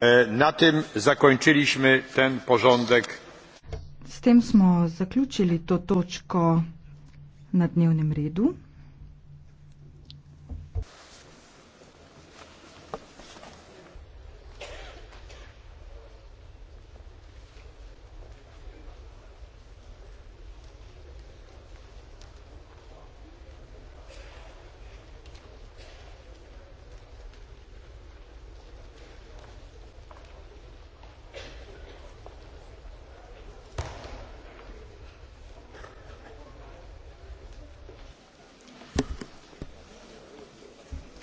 E, na tem zakončiliśmy ten porządek. S tem smo zaključili to točko na dnevnem redu.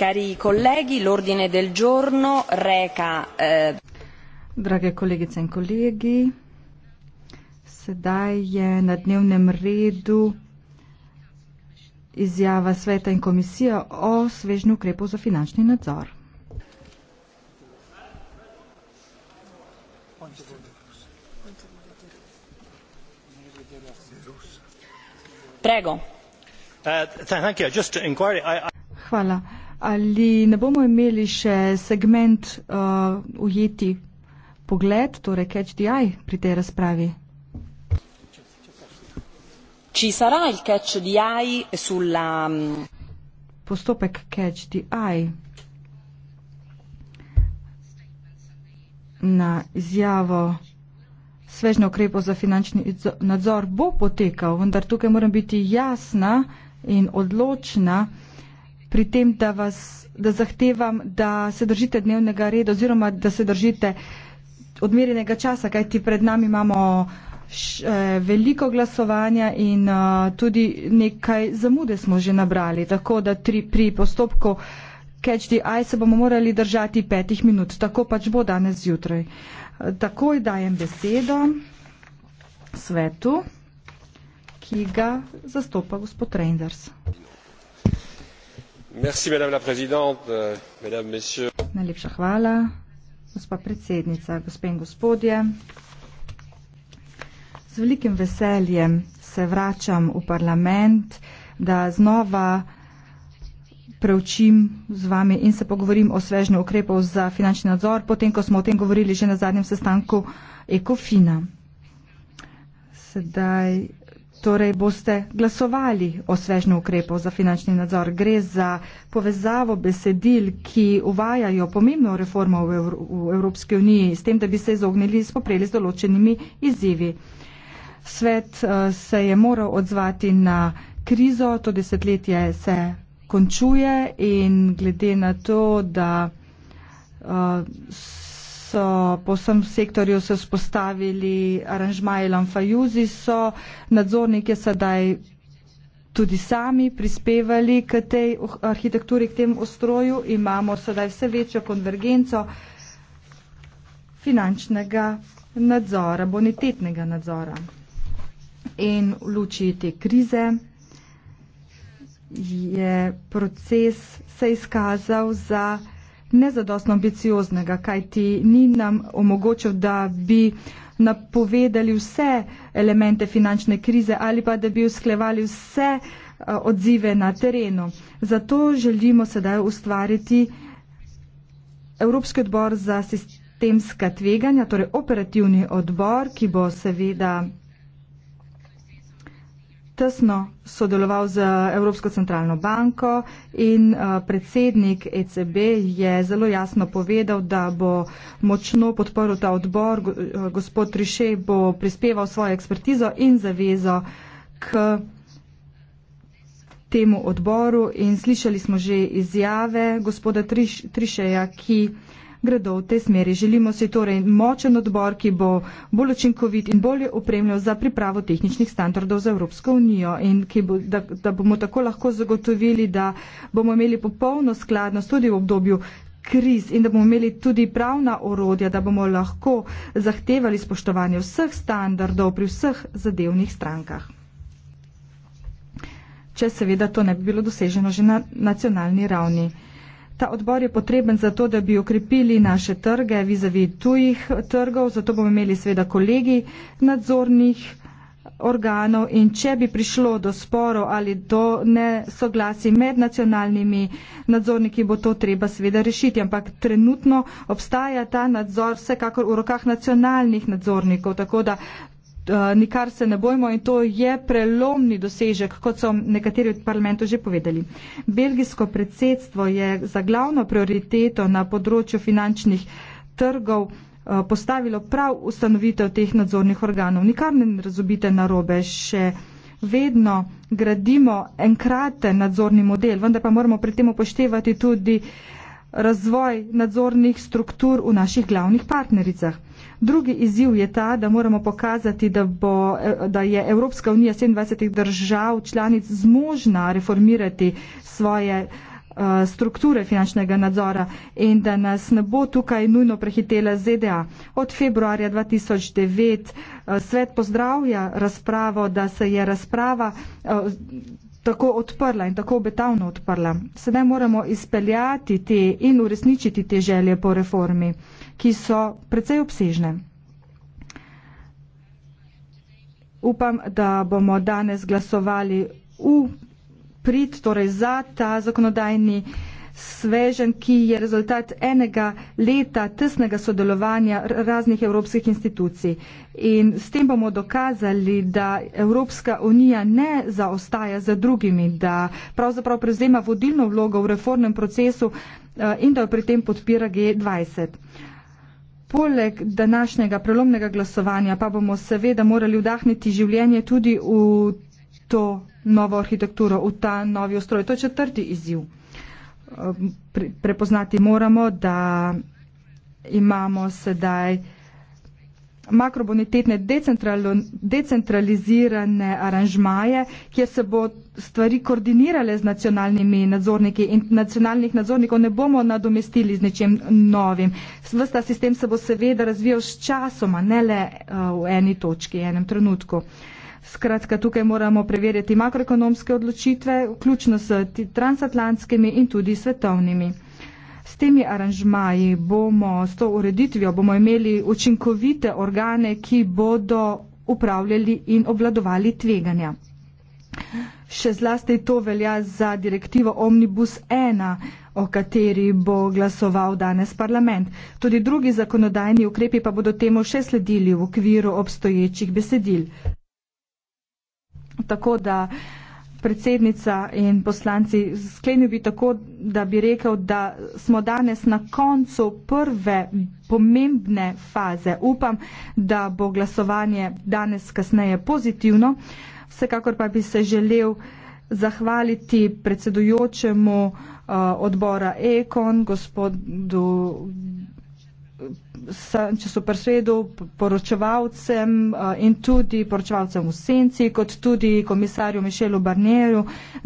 cari colleghi, l'ordine del giorno reca. Eh... Drage kolegice in kolegi, sedaj je na dnevnem redu izjava sveta in komisije o svežnju ukrepov za finančni nadzor. Prego. Uh, Hvala ali ne bomo imeli še segment uh, ujeti pogled, torej catch the eye pri tej razpravi? Ci sarà il catch the eye sulla... Mm, Postopek catch the eye na izjavo svežne ukrepo za finančni nadzor bo potekal, vendar tukaj moram biti jasna in odločna pri tem, da, vas, da zahtevam, da se držite dnevnega reda oziroma da se držite odmerjenega časa, kajti pred nami imamo š, e, veliko glasovanja in e, tudi nekaj zamude smo že nabrali, tako da tri, pri postopku catch the eye se bomo morali držati petih minut. Tako pač bo danes zjutraj. E, takoj dajem besedo svetu, ki ga zastopa gospod Reinders. Euh, Najlepša hvala, gospa predsednica, gospe in gospodje. Z velikim veseljem se vračam v parlament, da znova preučim z vami in se pogovorim o svežnju ukrepov za finančni nadzor, potem, ko smo o tem govorili že na zadnjem sestanku Ekofina. Sedaj Torej boste glasovali o svežnju ukrepov za finančni nadzor. Gre za povezavo besedil, ki uvajajo pomembno reformo v, Evro v Evropski uniji, s tem, da bi se izognili in spopreli z določenimi izzivi. Svet uh, se je moral odzvati na krizo, to desetletje se končuje in glede na to, da uh, so po vsem sektorju se spostavili aranžmaji Lamfajuzi, so nadzornike sedaj tudi sami prispevali k tej arhitekturi, k tem ostroju. Imamo sedaj vse večjo konvergenco finančnega nadzora, bonitetnega nadzora. In v luči te krize je proces se izkazal za nezadostno ambicioznega, kajti ni nam omogočil, da bi napovedali vse elemente finančne krize ali pa da bi usklevali vse eh, odzive na terenu. Zato želimo sedaj ustvariti Evropski odbor za sistemska tveganja, torej operativni odbor, ki bo seveda tesno sodeloval z Evropsko centralno banko in eh, predsednik ECB je zelo jasno povedal, da bo močno podporil ta odbor. Eh, gospod Triše bo prispeval svojo ekspertizo in zavezo k temu odboru in slišali smo že izjave gospoda Trišeja, ki gredo v te smeri. Želimo si torej močen odbor, ki bo bolj učinkovit in bolje opremljal za pripravo tehničnih standardov za Evropsko unijo in bo, da, da bomo tako lahko zagotovili, da bomo imeli popolno skladnost tudi v obdobju kriz in da bomo imeli tudi pravna orodja, da bomo lahko zahtevali spoštovanje vseh standardov pri vseh zadevnih strankah. Če seveda to ne bi bilo doseženo že na nacionalni ravni. Ta odbor je potreben za to, da bi okrepili naše trge vizavi tujih trgov, zato bomo imeli sveda kolegi nadzornih organov in če bi prišlo do sporov ali do nesoglasi med nacionalnimi nadzorniki, bo to treba seveda rešiti. Ampak trenutno obstaja ta nadzor vsekakor v rokah nacionalnih nadzornikov, tako da Eh, nikar se ne bojmo in to je prelomni dosežek, kot so nekateri od parlamentu že povedali. Belgijsko predsedstvo je za glavno prioriteto na področju finančnih trgov eh, postavilo prav ustanovitev teh nadzornih organov. Nikar ne razobite narobe, še vedno gradimo enkraten nadzorni model, vendar pa moramo pri tem upoštevati tudi razvoj nadzornih struktur v naših glavnih partnericah. Drugi izziv je ta, da moramo pokazati, da, bo, e, da je Evropska unija 27 držav članic zmožna reformirati svoje e, strukture finančnega nadzora in da nas ne bo tukaj nujno prehitela ZDA. Od februarja 2009 e, svet pozdravlja razpravo, da se je razprava tako odprla in tako obetavno odprla. Sedaj moramo izpeljati te in uresničiti te želje po reformi, ki so precej obsežne. Upam, da bomo danes glasovali v prid, torej za ta zakonodajni svežen, ki je rezultat enega leta tesnega sodelovanja raznih evropskih institucij. In s tem bomo dokazali, da Evropska unija ne zaostaja za drugimi, da pravzaprav prevzema vodilno vlogo v reformnem procesu eh, in da jo pri tem podpira G20. Poleg današnjega prelomnega glasovanja pa bomo seveda morali vdahniti življenje tudi v to novo arhitekturo, v ta novi ustroj. To je četrti izziv. Ehm, prepoznati moramo, da imamo sedaj makrobonitetne decentralizirane aranžmaje, kjer se bo stvari koordinirale z nacionalnimi nadzorniki in nacionalnih nadzornikov ne bomo nadomestili z nečem novim. Vsta sistem se bo seveda razvijal s časoma, ne le eh, v eni točki, enem trenutku. Uh, Skratka, tukaj moramo preverjati makroekonomske odločitve, vključno s transatlantskimi in tudi svetovnimi. S temi aranžmaji bomo, s to ureditvijo bomo imeli učinkovite organe, ki bodo upravljali in obvladovali tveganja. Še zlasti to velja za direktivo Omnibus 1, o kateri bo glasoval danes parlament. Tudi drugi zakonodajni ukrepi pa bodo temu še sledili v okviru obstoječih besedil. Tako da predsednica in poslanci, sklenil bi tako, da bi rekel, da smo danes na koncu prve pomembne faze. Upam, da bo glasovanje danes kasneje pozitivno. Vsekakor pa bi se želel zahvaliti predsedujočemu uh, odbora Ekon, gospodu če so presvedu poročevalcem eh, in tudi poročevalcem v Senci, kot tudi komisarju Mišelu Barnerju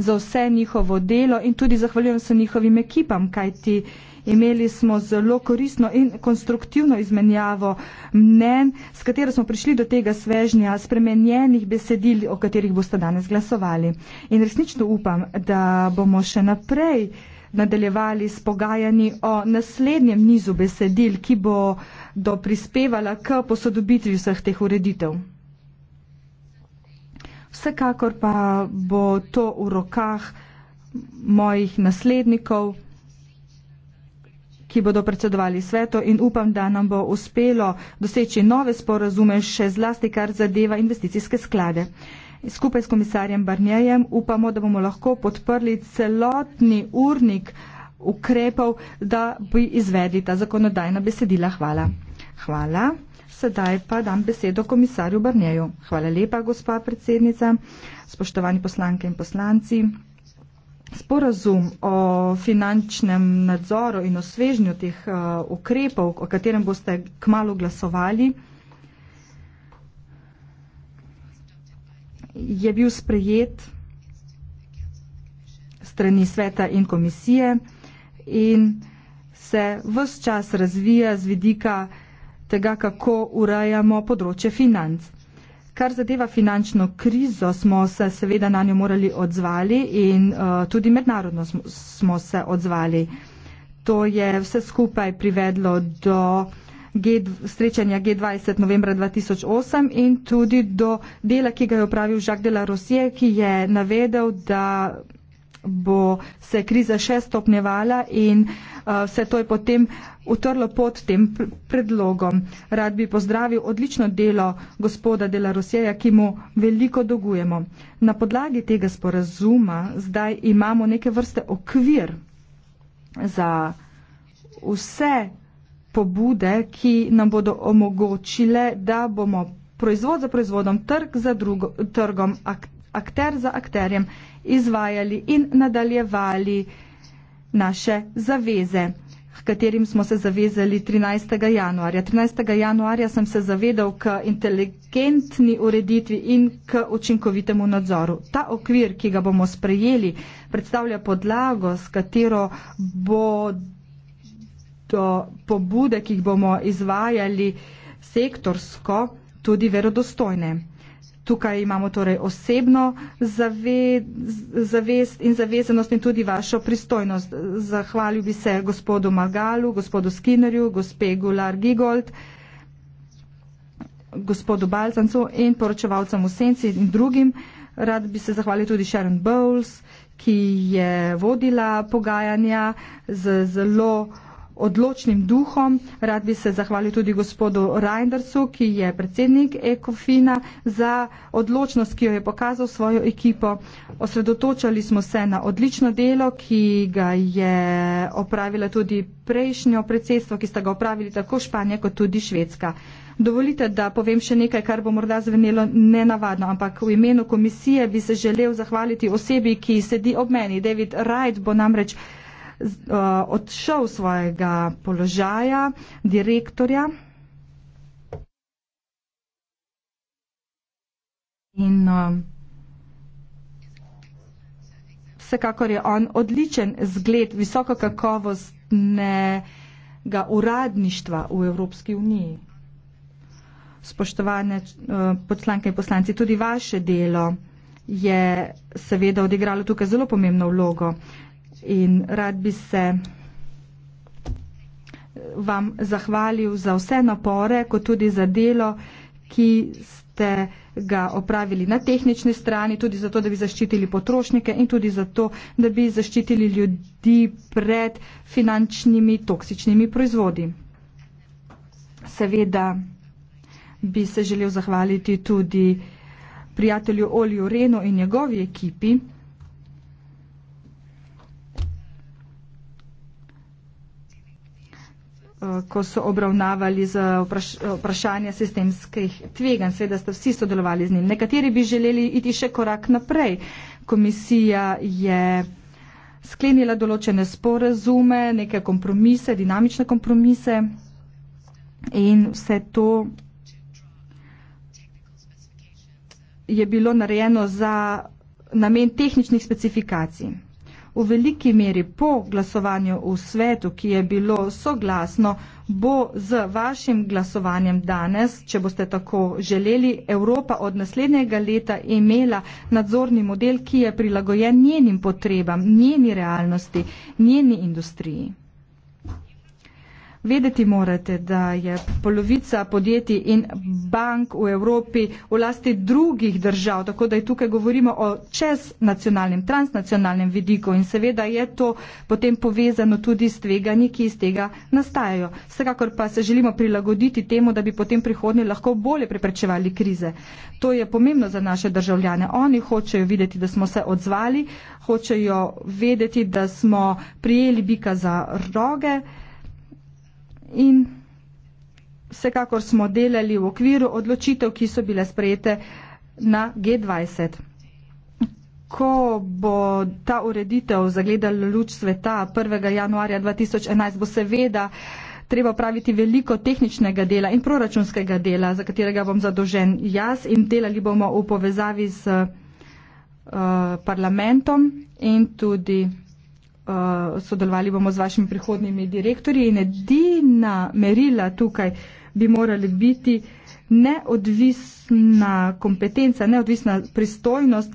za vse njihovo delo in tudi zahvaljujem se njihovim ekipam, kajti imeli smo zelo korisno in konstruktivno izmenjavo mnen, s katero smo prišli do tega svežnja spremenjenih besedil, o katerih boste danes glasovali. In resnično upam, da bomo še naprej nadaljevali s pogajanji o naslednjem nizu besedil, ki bo do prispevala k posodobitvi vseh teh ureditev. Vsekakor pa bo to v rokah mojih naslednikov, ki bodo predsedovali sveto in upam, da nam bo uspelo doseči nove sporazume, še zlasti kar zadeva investicijske sklade skupaj s komisarjem Barnjejem upamo, da bomo lahko podprli celotni urnik ukrepov, da bi izvedli ta zakonodajna besedila. Hvala. Hvala. Sedaj pa dam besedo komisarju Barnjeju. Hvala lepa, gospa predsednica, spoštovani poslanke in poslanci. Sporazum o finančnem nadzoru in osvežnju teh uh, ukrepov, o katerem boste kmalo glasovali, je bil sprejet strani sveta in komisije in se vse čas razvija z vidika tega, kako urajamo področje financ. Kar zadeva finančno krizo, smo se seveda na njo morali odzvali in uh, tudi mednarodno smo, smo se odzvali. To je vse skupaj privedlo do srečanja G20 novembra 2008 in tudi do dela, ki ga je upravil Žak de la Rosije, ki je navedel, da bo se kriza še stopnevala in uh, eh, vse to je potem utrlo pod tem predlogom. Rad bi pozdravil odlično delo gospoda Dela Rosjeja, ki mu veliko dogujemo. Na podlagi tega sporazuma zdaj imamo neke vrste okvir za vse pobude, ki nam bodo omogočile, da bomo proizvod za proizvodom, trg za drugo, trgom, ak, akter za akterjem izvajali in nadaljevali naše zaveze, h katerim smo se zavezali 13. januarja. 13. januarja sem se zavedal k inteligentni ureditvi in k učinkovitemu nadzoru. Ta okvir, ki ga bomo sprejeli, predstavlja podlago, s katero bodo to pobude, ki jih bomo izvajali sektorsko, tudi verodostojne. Tukaj imamo torej osebno zave, zavest in zavezenost in tudi vašo pristojnost. Zahvalil bi se gospodu Magalu, gospodu Skinnerju, gospe Gular Gigold, gospodu Balzancu in poročevalcem v Senci in drugim. Rad bi se zahvalil tudi Sharon Bowles, ki je vodila pogajanja z zelo odločnim duhom. Rad bi se zahvalil tudi gospodu Reindersu, ki je predsednik Ekofina, za odločnost, ki jo je pokazal svojo ekipo. Osredotočali smo se na odlično delo, ki ga je opravila tudi prejšnjo predsedstvo, ki sta ga opravili tako Španija kot tudi Švedska. Dovolite, da povem še nekaj, kar bo morda zvenelo nenavadno, ampak v imenu komisije bi se želel zahvaliti osebi, ki sedi ob meni. David Wright bo namreč Eh, odšel svojega položaja direktorja. In uh, vsekakor je on odličen zgled visokokakovostnega uradništva v Evropski uniji. Spoštovane uh, poslanke in poslanci, tudi vaše delo je seveda odigralo tukaj zelo pomembno vlogo. Uh, in rad bi se vam zahvalil za vse napore, kot tudi za delo, ki ste ga opravili na tehnični strani, tudi zato, da bi zaščitili potrošnike in tudi zato, da bi zaščitili ljudi pred finančnimi toksičnimi proizvodi. Seveda bi se želel zahvaliti tudi prijatelju Olju Renu in njegovi ekipi. Eh, ko so obravnavali za vpraš vprašanje sistemskih tveganj, seveda ste vsi sodelovali z njim. Nekateri bi želeli iti še korak naprej. Komisija je sklenila določene sporazume, neke kompromise, dinamične kompromise in vse to je bilo narejeno za namen tehničnih specifikacij v veliki meri po glasovanju v svetu, ki je bilo soglasno, bo z vašim glasovanjem danes, če boste tako želeli, Evropa od naslednjega leta imela nadzorni model, ki je prilagojen njenim potrebam, njeni realnosti, njeni industriji. Vedeti morate, da je polovica podjetij in bank v Evropi v lasti drugih držav, tako da tukaj govorimo o čeznacionalnem, transnacionalnem vidiku in seveda je to potem povezano tudi s tveganji, ki iz tega nastajajo. Vsekakor pa se želimo prilagoditi temu, da bi potem prihodnje lahko bolje preprečevali krize. To je pomembno za naše državljane. Oni hočejo videti, da smo se odzvali, hočejo vedeti, da smo prijeli bika za roge in vsekakor smo delali v okviru odločitev, ki so bile sprejete na G20. Ko bo ta ureditev zagledala luč sveta 1. januarja 2011, bo seveda treba praviti veliko tehničnega dela in proračunskega dela, za katerega bom zadožen jaz in delali bomo v povezavi z uh, parlamentom in tudi Eh, sodelovali bomo z vašimi prihodnimi direktorji in edina merila tukaj bi morali biti neodvisna kompetenca, neodvisna pristojnost,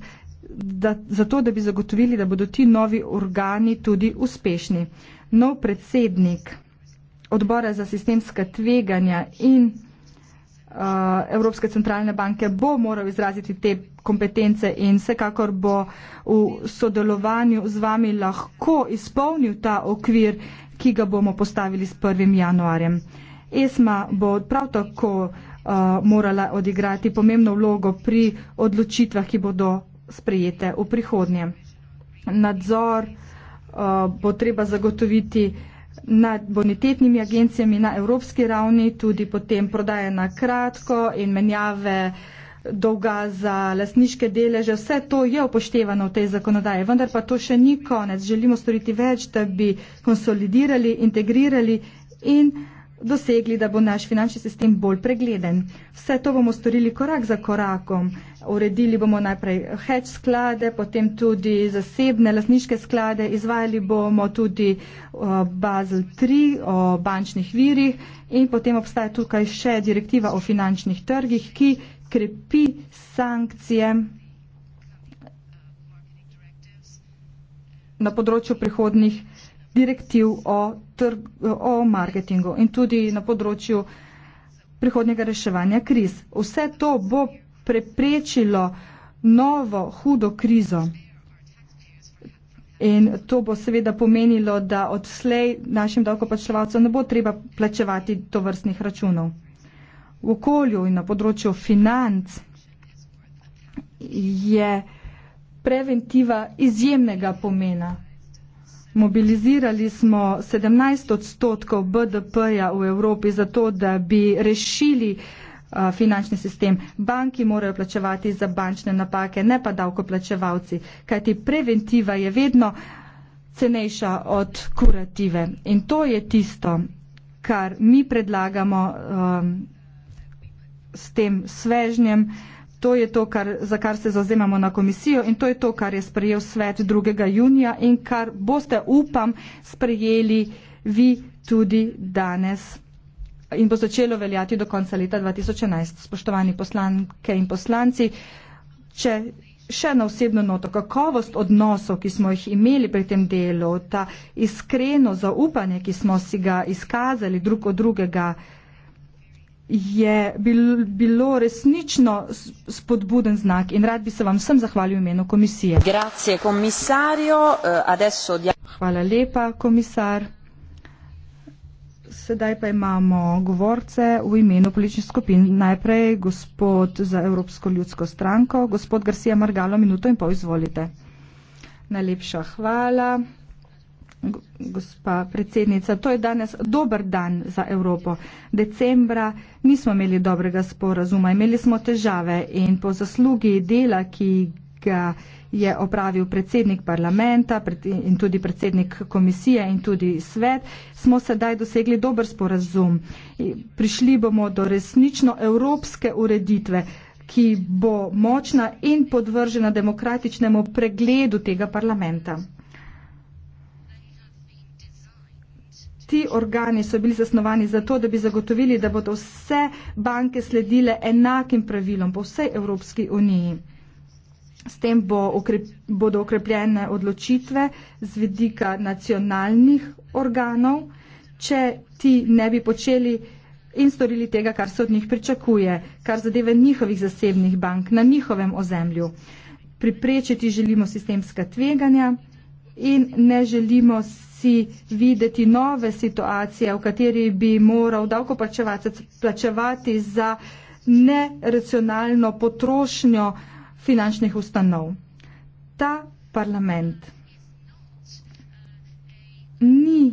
da, zato da bi zagotovili, da bodo ti novi organi tudi uspešni. Nov predsednik odbora za sistemska tveganja in Eh, Evropske centralne banke bo moral izraziti te kompetence in vsekakor bo v sodelovanju z vami lahko izpolnil ta okvir, ki ga bomo postavili s 1. januarjem. ESMA bo prav tako uh, morala odigrati pomembno vlogo pri odločitvah, ki bodo sprejete v prihodnje. Nadzor uh, bo treba zagotoviti uh, nad bonitetnimi agencijami na evropski ravni, tudi potem prodaje na kratko in menjave dolga za lasniške deleže. Vse to je upoštevano v tej zakonodaji, vendar pa to še ni konec. Želimo storiti več, da bi konsolidirali, integrirali in dosegli, da bo naš finančni sistem bolj pregleden. Vse to bomo storili korak za korakom. Uredili bomo najprej hedge sklade, potem tudi zasebne lasniške sklade, izvajali bomo tudi uh, Basel III o bančnih virih in potem obstaja tukaj še direktiva o finančnih trgih, ki krepi sankcije na področju prihodnih direktiv o, o marketingu in tudi na področju prihodnjega reševanja kriz. Vse to bo preprečilo novo hudo krizo in to bo seveda pomenilo, da odslej našim davkoplačevalcem ne bo treba plačevati to vrstnih računov. V okolju in na področju financ je preventiva izjemnega pomena. Mobilizirali smo 17 odstotkov BDP-ja v Evropi za to, da bi rešili finančni sistem. Banki morajo plačevati za bančne napake, ne pa davkoplačevalci, kajti preventiva je vedno cenejša od kurative. In to je tisto, kar mi predlagamo um, s tem svežnjem uh, To je to, kar, za kar se zazemamo na komisijo in to je to, kar je sprejel svet 2. junija in kar boste, upam, sprejeli vi tudi danes in bo začelo veljati do konca leta 2011. Spoštovani poslanke in poslanci, če še na osebno noto, kakovost odnosov, ki smo jih imeli pri tem delu, ta iskreno zaupanje, ki smo si ga izkazali drug od drugega, je bilo resnično spodbuden znak in rad bi se vam vsem zahvalil v imenu komisije. Grazie, eh, di... Hvala lepa, komisar. Sedaj pa imamo govorce v imenu političnih skupin. Najprej gospod za Evropsko ljudsko stranko, gospod Garcia Margalo, minuto in pol izvolite. Najlepša hvala gospa predsednica. To je danes dober dan za Evropo. Decembra nismo imeli dobrega sporazuma, imeli smo težave in po zaslugi dela, ki ga je opravil predsednik parlamenta in tudi predsednik komisije in tudi svet, smo sedaj dosegli dober sporazum. Prišli bomo do resnično evropske ureditve, ki bo močna in podvržena demokratičnemu pregledu tega parlamenta. ti organi so bili zasnovani zato, da bi zagotovili, da bodo vse banke sledile enakim pravilom po vsej Evropski uniji. S tem bo okrep, bodo okrepljene odločitve z vidika nacionalnih organov, če ti ne bi počeli in storili tega, kar se od njih pričakuje, kar zadeve njihovih zasebnih bank na njihovem ozemlju. Priprečiti želimo sistemska tveganja in ne želimo si videti nove situacije, v kateri bi moral davkoplačevalec plačevati za neracionalno potrošnjo finančnih ustanov. Ta parlament ni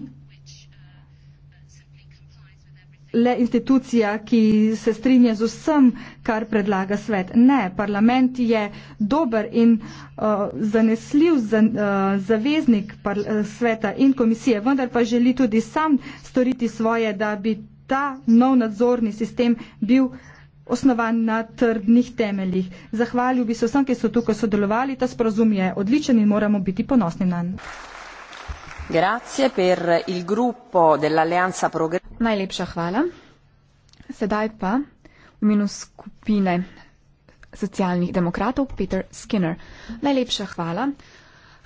le institucija, ki se strinja z vsem, kar predlaga svet. Ne, parlament je dober in uh, zanesljiv za, uh, zaveznik par, uh, sveta in komisije, vendar pa želi tudi sam storiti svoje, da bi ta nov nadzorni sistem bil osnovan na trdnih temeljih. Zahvalil bi se vsem, ki so tukaj sodelovali, ta sporozum je odličen in moramo biti ponosni na njega. Najlepša hvala. Sedaj pa v imenu skupine socialnih demokratov Peter Skinner. Najlepša hvala.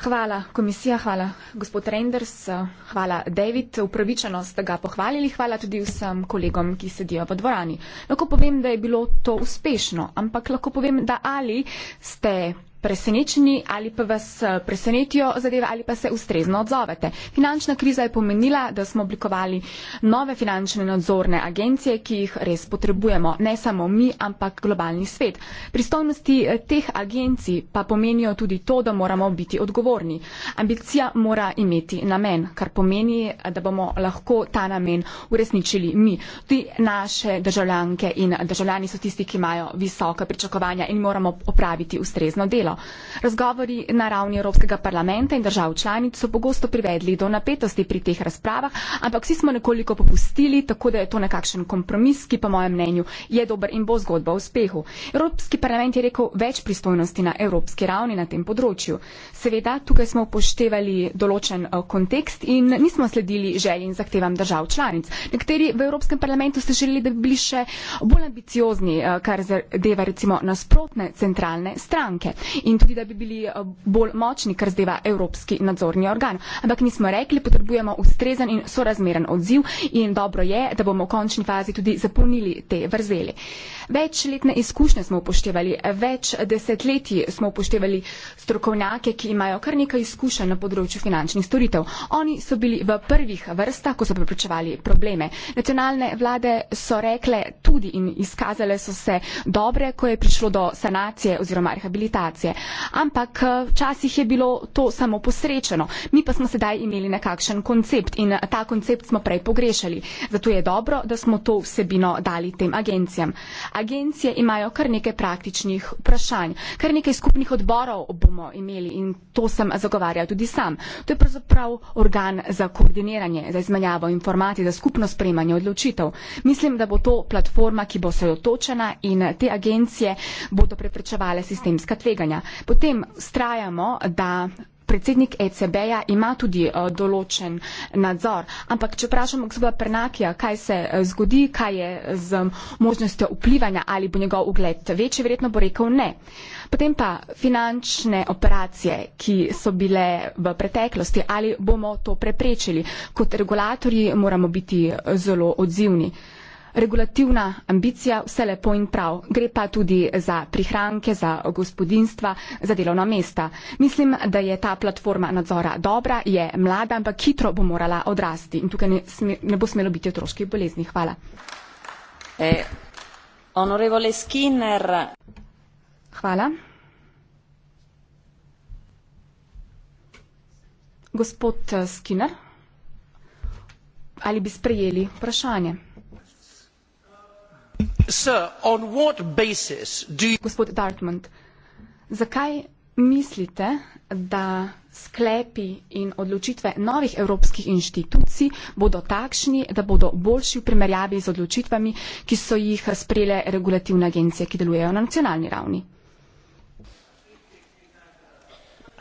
Hvala komisija, hvala gospod Renders, hvala David, upravičeno ste ga pohvalili, hvala tudi vsem kolegom, ki sedijo v dvorani. Lahko povem, da je bilo to uspešno, ampak lahko povem, da ali ste presenečeni ali pa vas eh, presenetijo zadeve ali pa se ustrezno odzovete. Finančna kriza je pomenila, da smo oblikovali nove finančne nadzorne agencije, ki jih res potrebujemo, ne samo mi, ampak globalni svet. Pristojnosti eh, teh agencij pa pomenijo tudi to, da moramo biti odgovorni. Ambicija mora imeti namen, kar pomeni, da bomo lahko ta namen uresničili mi. Tudi naše državljanke in državljani so tisti, ki imajo visoka pričakovanja in moramo opraviti ustrezno delo. Razgovori na ravni Evropskega parlamenta in držav članic so pogosto privedli do napetosti pri teh razpravah, ampak vsi smo nekoliko popustili, tako da je to nekakšen kompromis, ki po mojem mnenju je dober in bo zgodba o uspehu. Evropski parlament je rekel več pristojnosti na evropski ravni na tem področju seveda, tukaj smo upoštevali določen eh, kontekst in nismo sledili želji in zahtevam držav članic. Nekateri v Evropskem parlamentu ste želeli, da bi bili še bolj ambiciozni, eh, kar zadeva recimo nasprotne centralne stranke in tudi, da bi bili eh, bolj močni, kar zadeva Evropski nadzorni organ. Ampak nismo rekli, potrebujemo ustrezen in sorazmeren odziv in dobro je, da bomo v končni fazi tudi zapolnili te vrzeli. Večletne izkušnje smo upoštevali, več desetletij smo upoštevali strokovnjake, ki imajo kar nekaj izkušenj na področju finančnih storitev. Oni so bili v prvih vrstah, ko so preprečevali probleme. Nacionalne vlade so rekle tudi in izkazale so se dobre, ko je prišlo do sanacije oziroma rehabilitacije. Ampak eh, včasih je bilo to samo posrečeno. Mi pa smo sedaj imeli nekakšen koncept in eh, ta koncept smo prej pogrešali. Zato je dobro, da smo to vsebino dali tem agencijam. Agencije imajo kar nekaj praktičnih vprašanj. Kar nekaj skupnih odborov bomo imeli in to sem zagovarjal tudi sam. To je pravzaprav organ za koordiniranje, za izmenjavo informacij, za skupno sprejemanje odločitev. Mislim, da bo to platforma, ki bo sojotočena in te agencije bodo preprečevale sistemska tveganja. Potem strajamo, da predsednik ECB-ja ima tudi uh, določen nadzor. Ampak, če vprašamo gospoda Pernakija, kaj se uh, zgodi, kaj je z um, možnostjo vplivanja ali bo njegov ugled večji, verjetno bo rekel ne. Uh, Potem pa finančne operacije, ki so bile v preteklosti, ali bomo to preprečili. Kot regulatorji moramo biti zelo odzivni. Regulativna ambicija, vse lepo in prav, gre pa tudi za prihranke, za gospodinstva, za delovna mesta. Mislim, da je ta platforma nadzora dobra, je mlada, ampak hitro bo morala odrasti in tukaj ne, sme, ne bo smelo biti otroških bolezni. Hvala. E, Hvala. Gospod eh, Skinner, ali bi sprejeli vprašanje? Gospod Dartmouth, zakaj mislite, da sklepi in odločitve novih evropskih inštitucij bodo takšni, da bodo boljši v primerjavi z odločitvami, ki so jih sprejele regulativne agencije, ki delujejo na nacionalni ravni?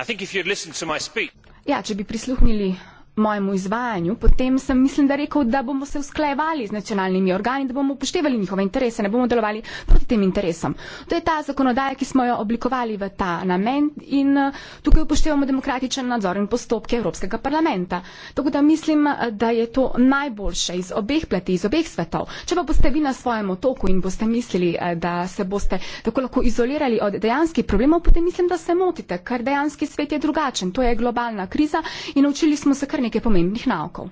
Ja, če bi prisluhnili mojemu govoru bi lahko rekli da je bil zelo kratek mojemu izvajanju, potem sem mislim, da rekel, da bomo se usklajevali z nacionalnimi organi, da bomo upoštevali njihove interese, ne bomo delovali proti tem interesom. To je ta zakonodaja, ki smo jo oblikovali v ta namen in eh, tukaj upoštevamo demokratičen nadzor in postopke Evropskega parlamenta. Tako da mislim, da je to najboljše iz obeh plati, iz obeh svetov. Če pa boste vi na svojem otoku in boste mislili, eh, da se boste tako lahko izolirali od dejanskih problemov, potem mislim, da se motite, ker dejanski svet je drugačen. To je globalna kriza in učili smo se kar nekaj pomembnih naukov.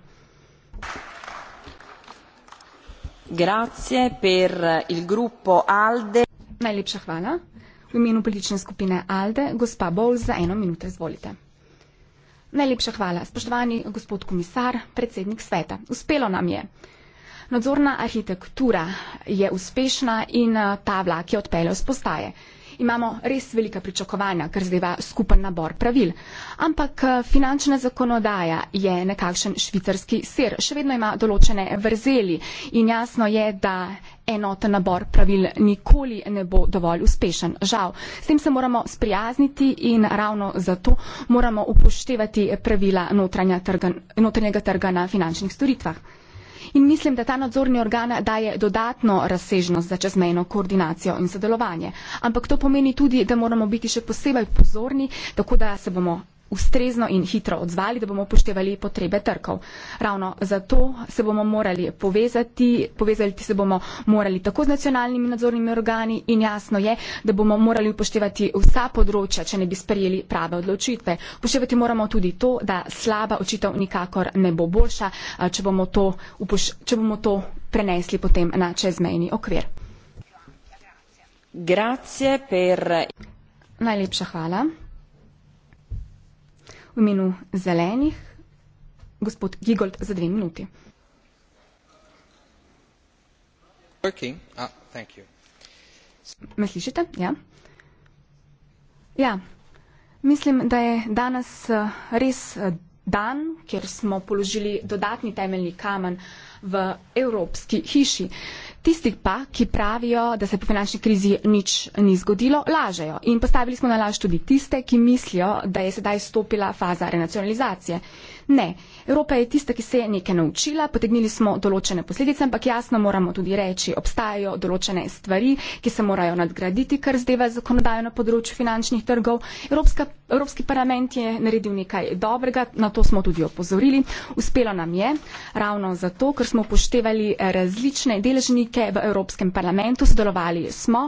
Najlepša hvala. V imenu politične skupine ALDE, gospa Bol, za eno minuto izvolite. Najlepša hvala. Spoštovani gospod komisar, predsednik sveta. Uspelo nam je. Nadzorna arhitektura je uspešna in eh, ta vlak je odpeljal z postaje imamo res velika pričakovanja, ker zdajva skupen nabor pravil. Ampak eh, finančna zakonodaja je nekakšen švicarski sir, še vedno ima določene vrzeli in jasno je, da enoten nabor pravil nikoli ne bo dovolj uspešen. Žal, s tem se moramo sprijazniti in ravno zato moramo upoštevati pravila trga, notranjega trga na finančnih storitvah in mislim, da ta nadzorni organ daje dodatno razsežnost za čezmejno koordinacijo in sodelovanje. Ampak to pomeni tudi, da moramo biti še posebej pozorni, tako da se bomo ustrezno in hitro odzvali, da bomo upoštevali potrebe trkov. Ravno zato se bomo morali povezati, povezati se bomo morali tako z nacionalnimi nadzornimi organi in jasno je, da bomo morali upoštevati vsa področja, če ne bi sprejeli prave odločitve. Upoštevati moramo tudi to, da slaba očitev nikakor ne bo boljša, če bomo to, upoš če bomo to prenesli potem na čezmejni okvir. Grazie per... Najlepša hvala v imenu zelenih gospod Gigold za dve minuti. Ah, Me slišite? Ja. ja. Mislim, da je danes eh, res eh, dan, kjer smo položili dodatni temeljni kamen uh, v Evropski hiši. Tisti pa, ki pravijo, da se po finančni krizi nič ni zgodilo, lažejo. In postavili smo na laž tudi tiste, ki mislijo, da je sedaj stopila faza renacionalizacije. Ne, Evropa je tista, ki se je nekaj naučila, potegnili smo določene posledice, ampak jasno moramo tudi reči, obstajajo določene stvari, ki se morajo nadgraditi, kar zdeva zakonodajo na področju finančnih trgov. Evropska, Evropski parlament je naredil nekaj dobrega, na to smo tudi opozorili. Uspelo nam je ravno zato, ker smo upoštevali različne deležnike v Evropskem parlamentu, sodelovali smo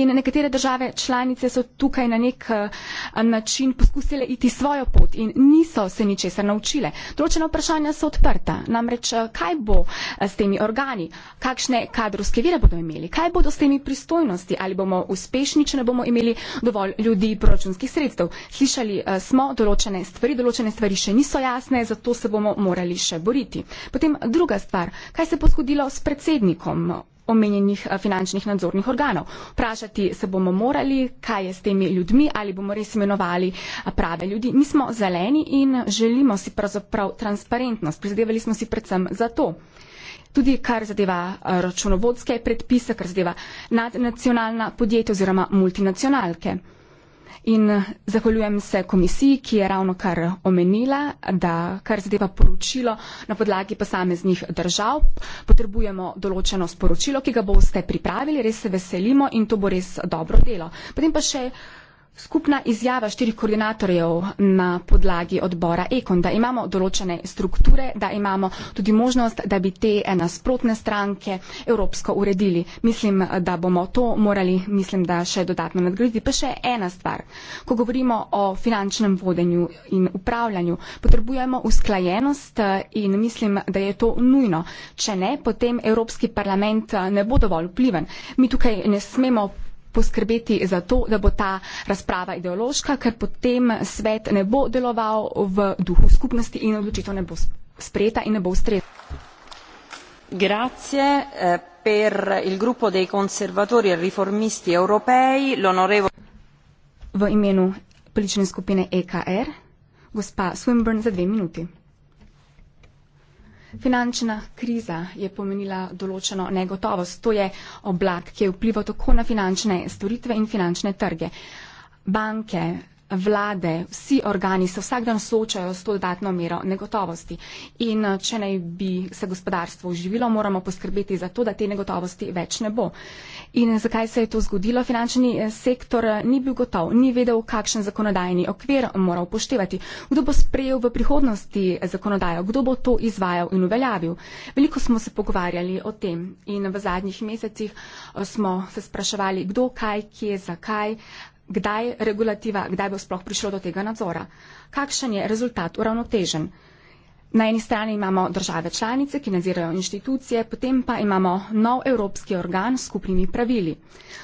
in nekatere države članice so tukaj na nek eh, način poskusile iti svojo pot in niso se ničesar naučili sile. Določena vprašanja so odprta. Namreč, eh, kaj bo eh, s temi organi, kakšne kadrovske vire bodo imeli, kaj bodo s temi pristojnosti, ali bomo uspešni, če ne bomo imeli dovolj ljudi proračunskih sredstev. Slišali eh, smo določene stvari, določene stvari še niso jasne, zato se bomo morali še boriti. Potem druga stvar, kaj se bo zgodilo s predsednikom omenjenih eh, finančnih nadzornih organov. Vprašati se bomo morali, kaj je s temi ljudmi, ali bomo res imenovali eh, prave ljudi. Mi smo zeleni in želimo si pravzaprav transparentnost. Prizadevali smo si predvsem za to. Tudi kar zadeva eh, računovodske predpise, kar zadeva nadnacionalna podjetja oziroma multinacionalke. In eh, zahvaljujem se komisiji, ki je ravno kar omenila, da kar zadeva poročilo na podlagi posameznih držav, potrebujemo določeno sporočilo, ki ga boste pripravili, res se veselimo in to bo res dobro delo. Potem pa še skupna izjava štirih koordinatorjev na podlagi odbora Ekon, da imamo določene strukture, da imamo tudi možnost, da bi te nasprotne stranke evropsko uredili. Mislim, da bomo to morali, mislim, da še dodatno nadgraditi. Pa še ena stvar. Ko govorimo o finančnem vodenju in upravljanju, potrebujemo usklajenost eh, in mislim, da je to nujno. Če ne, potem Evropski parlament eh, ne bo dovolj vpliven. Mi tukaj ne smemo poskrbeti za to, da bo ta razprava ideološka, ker potem svet ne bo deloval v duhu skupnosti in odločitev ne bo sprejeta in ne bo ustrezna. Grazie eh, per il gruppo dei conservatori e riformisti europei, l'onorevole. V imenu politične skupine EKR, gospa Swinburne za dve minuti. Finančna kriza je pomenila določeno negotovost. To je oblak, ki je vplival tako na finančne storitve in finančne trge. Banke, vlade, vsi organi se vsak dan soočajo s to dodatno mero negotovosti. In eh, če naj bi se gospodarstvo oživilo, moramo poskrbeti za to, da te negotovosti več ne bo. In zakaj se je to zgodilo? Finančni eh, sektor eh, ni bil gotov, ni vedel, kakšen zakonodajni okvir mora upoštevati, kdo bo sprejel v prihodnosti eh, zakonodajo, kdo bo to izvajal in uveljavil. Veliko smo se pogovarjali o tem in v zadnjih mesecih smo se spraševali, kdo, kaj, kje, zakaj. Kdaj regulativa, kdaj bo sploh prišlo do tega nadzora? Kakšen je rezultat uravnotežen? Na eni strani imamo države članice, ki nadzirajo inštitucije, potem pa imamo nov evropski organ s skupnimi pravili.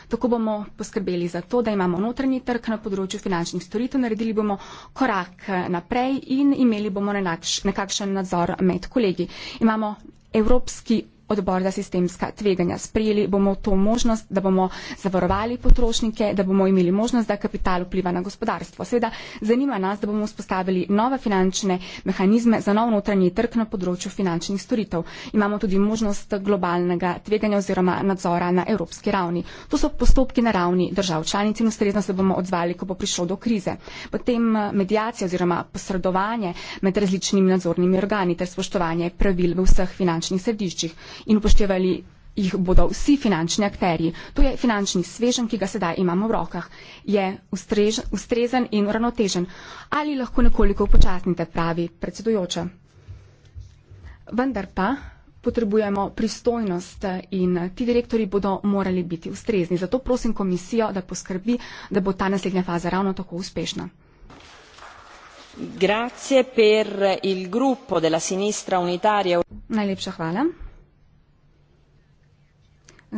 Tako bomo poskrbeli za to, da imamo notranji trg na področju finančnih storitev, naredili bomo korak eh, naprej in imeli bomo nekakšen nadzor med kolegi. Imamo evropski odbor za sistemska tveganja. Sprejeli bomo to možnost, da bomo zavarovali potrošnike, da bomo imeli možnost, da kapital vpliva na gospodarstvo. Seveda zanima nas, da bomo spostavili nove finančne mehanizme za nov notranji trg na področju finančnih storitev. Imamo tudi možnost globalnega tveganja oziroma nadzora na evropski ravni. To so postopki na ravni držav članic in ustrezno se bomo odzvali, ko bo prišlo do krize. Potem eh, medijacija oziroma posredovanje med različnimi nadzornimi organi ter spoštovanje pravil v vseh finančnih središčih in upoštevali jih bodo vsi finančni akterji. To je finančni svežen, ki ga sedaj imamo v rokah. Je ustrež, ustrezen in uravnotežen. Ali lahko nekoliko upočasnite, pravi predsedujoča. Vendar pa potrebujemo pristojnost eh, in eh, ti direktori bodo morali biti ustrezni. Zato prosim komisijo, da poskrbi, da bo ta naslednja faza ravno tako uspešna. Najlepša hvala